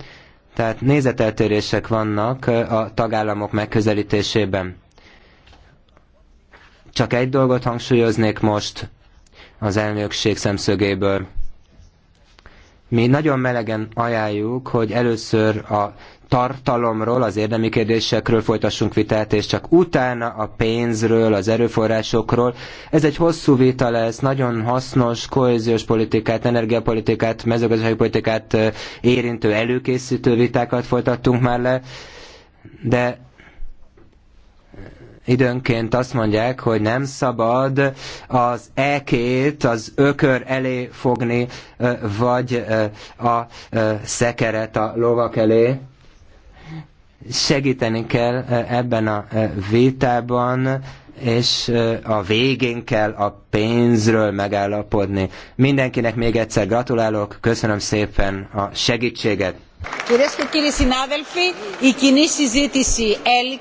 Tehát nézeteltérések vannak a tagállamok megközelítésében. Csak egy dolgot hangsúlyoznék most az elnökség szemszögéből. Mi nagyon melegen ajánljuk, hogy először a tartalomról, az érdemi kérdésekről folytassunk vitát, és csak utána a pénzről, az erőforrásokról. Ez egy hosszú vita lesz, nagyon hasznos kohéziós politikát, energiapolitikát, mezőgazdasági politikát érintő előkészítő vitákat folytattunk már le, de időnként azt mondják, hogy nem szabad az ekét az ökör elé fogni, vagy a szekeret a lovak elé. Segíteni kell ebben a vétában, és a végén kell a pénzről megállapodni. Mindenkinek még egyszer gratulálok, köszönöm szépen a segítséget.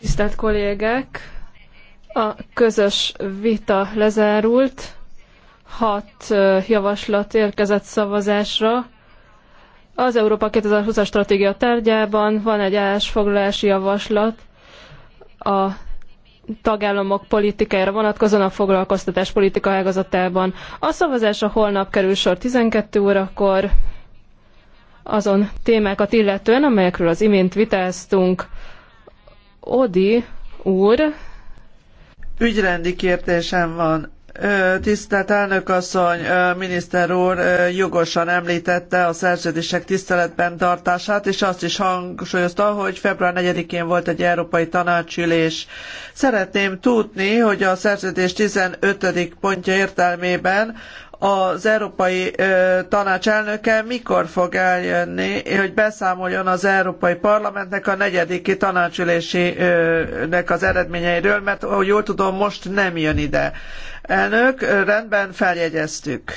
Tisztelt kollégák! A közös vita lezárult, hat javaslat érkezett szavazásra. Az Európa 2020-as stratégia tárgyában van egy állásfoglalási javaslat a tagállamok politikájára vonatkozóan a foglalkoztatás politika ágazatában. A szavazásra holnap kerül sor 12 órakor azon témákat illetően, amelyekről az imént vitáztunk. Odi úr Ügyrendi kérdésem van. Tisztelt elnök asszony, miniszter úr jogosan említette a szerződések tiszteletben tartását, és azt is hangsúlyozta, hogy február 4-én volt egy európai tanácsülés. Szeretném tudni, hogy a szerződés 15. pontja értelmében az Európai Tanács elnöke mikor fog eljönni, hogy beszámoljon az Európai Parlamentnek a negyediki tanácsülésének az eredményeiről, mert ahogy jól tudom, most nem jön ide. Elnök, rendben, feljegyeztük.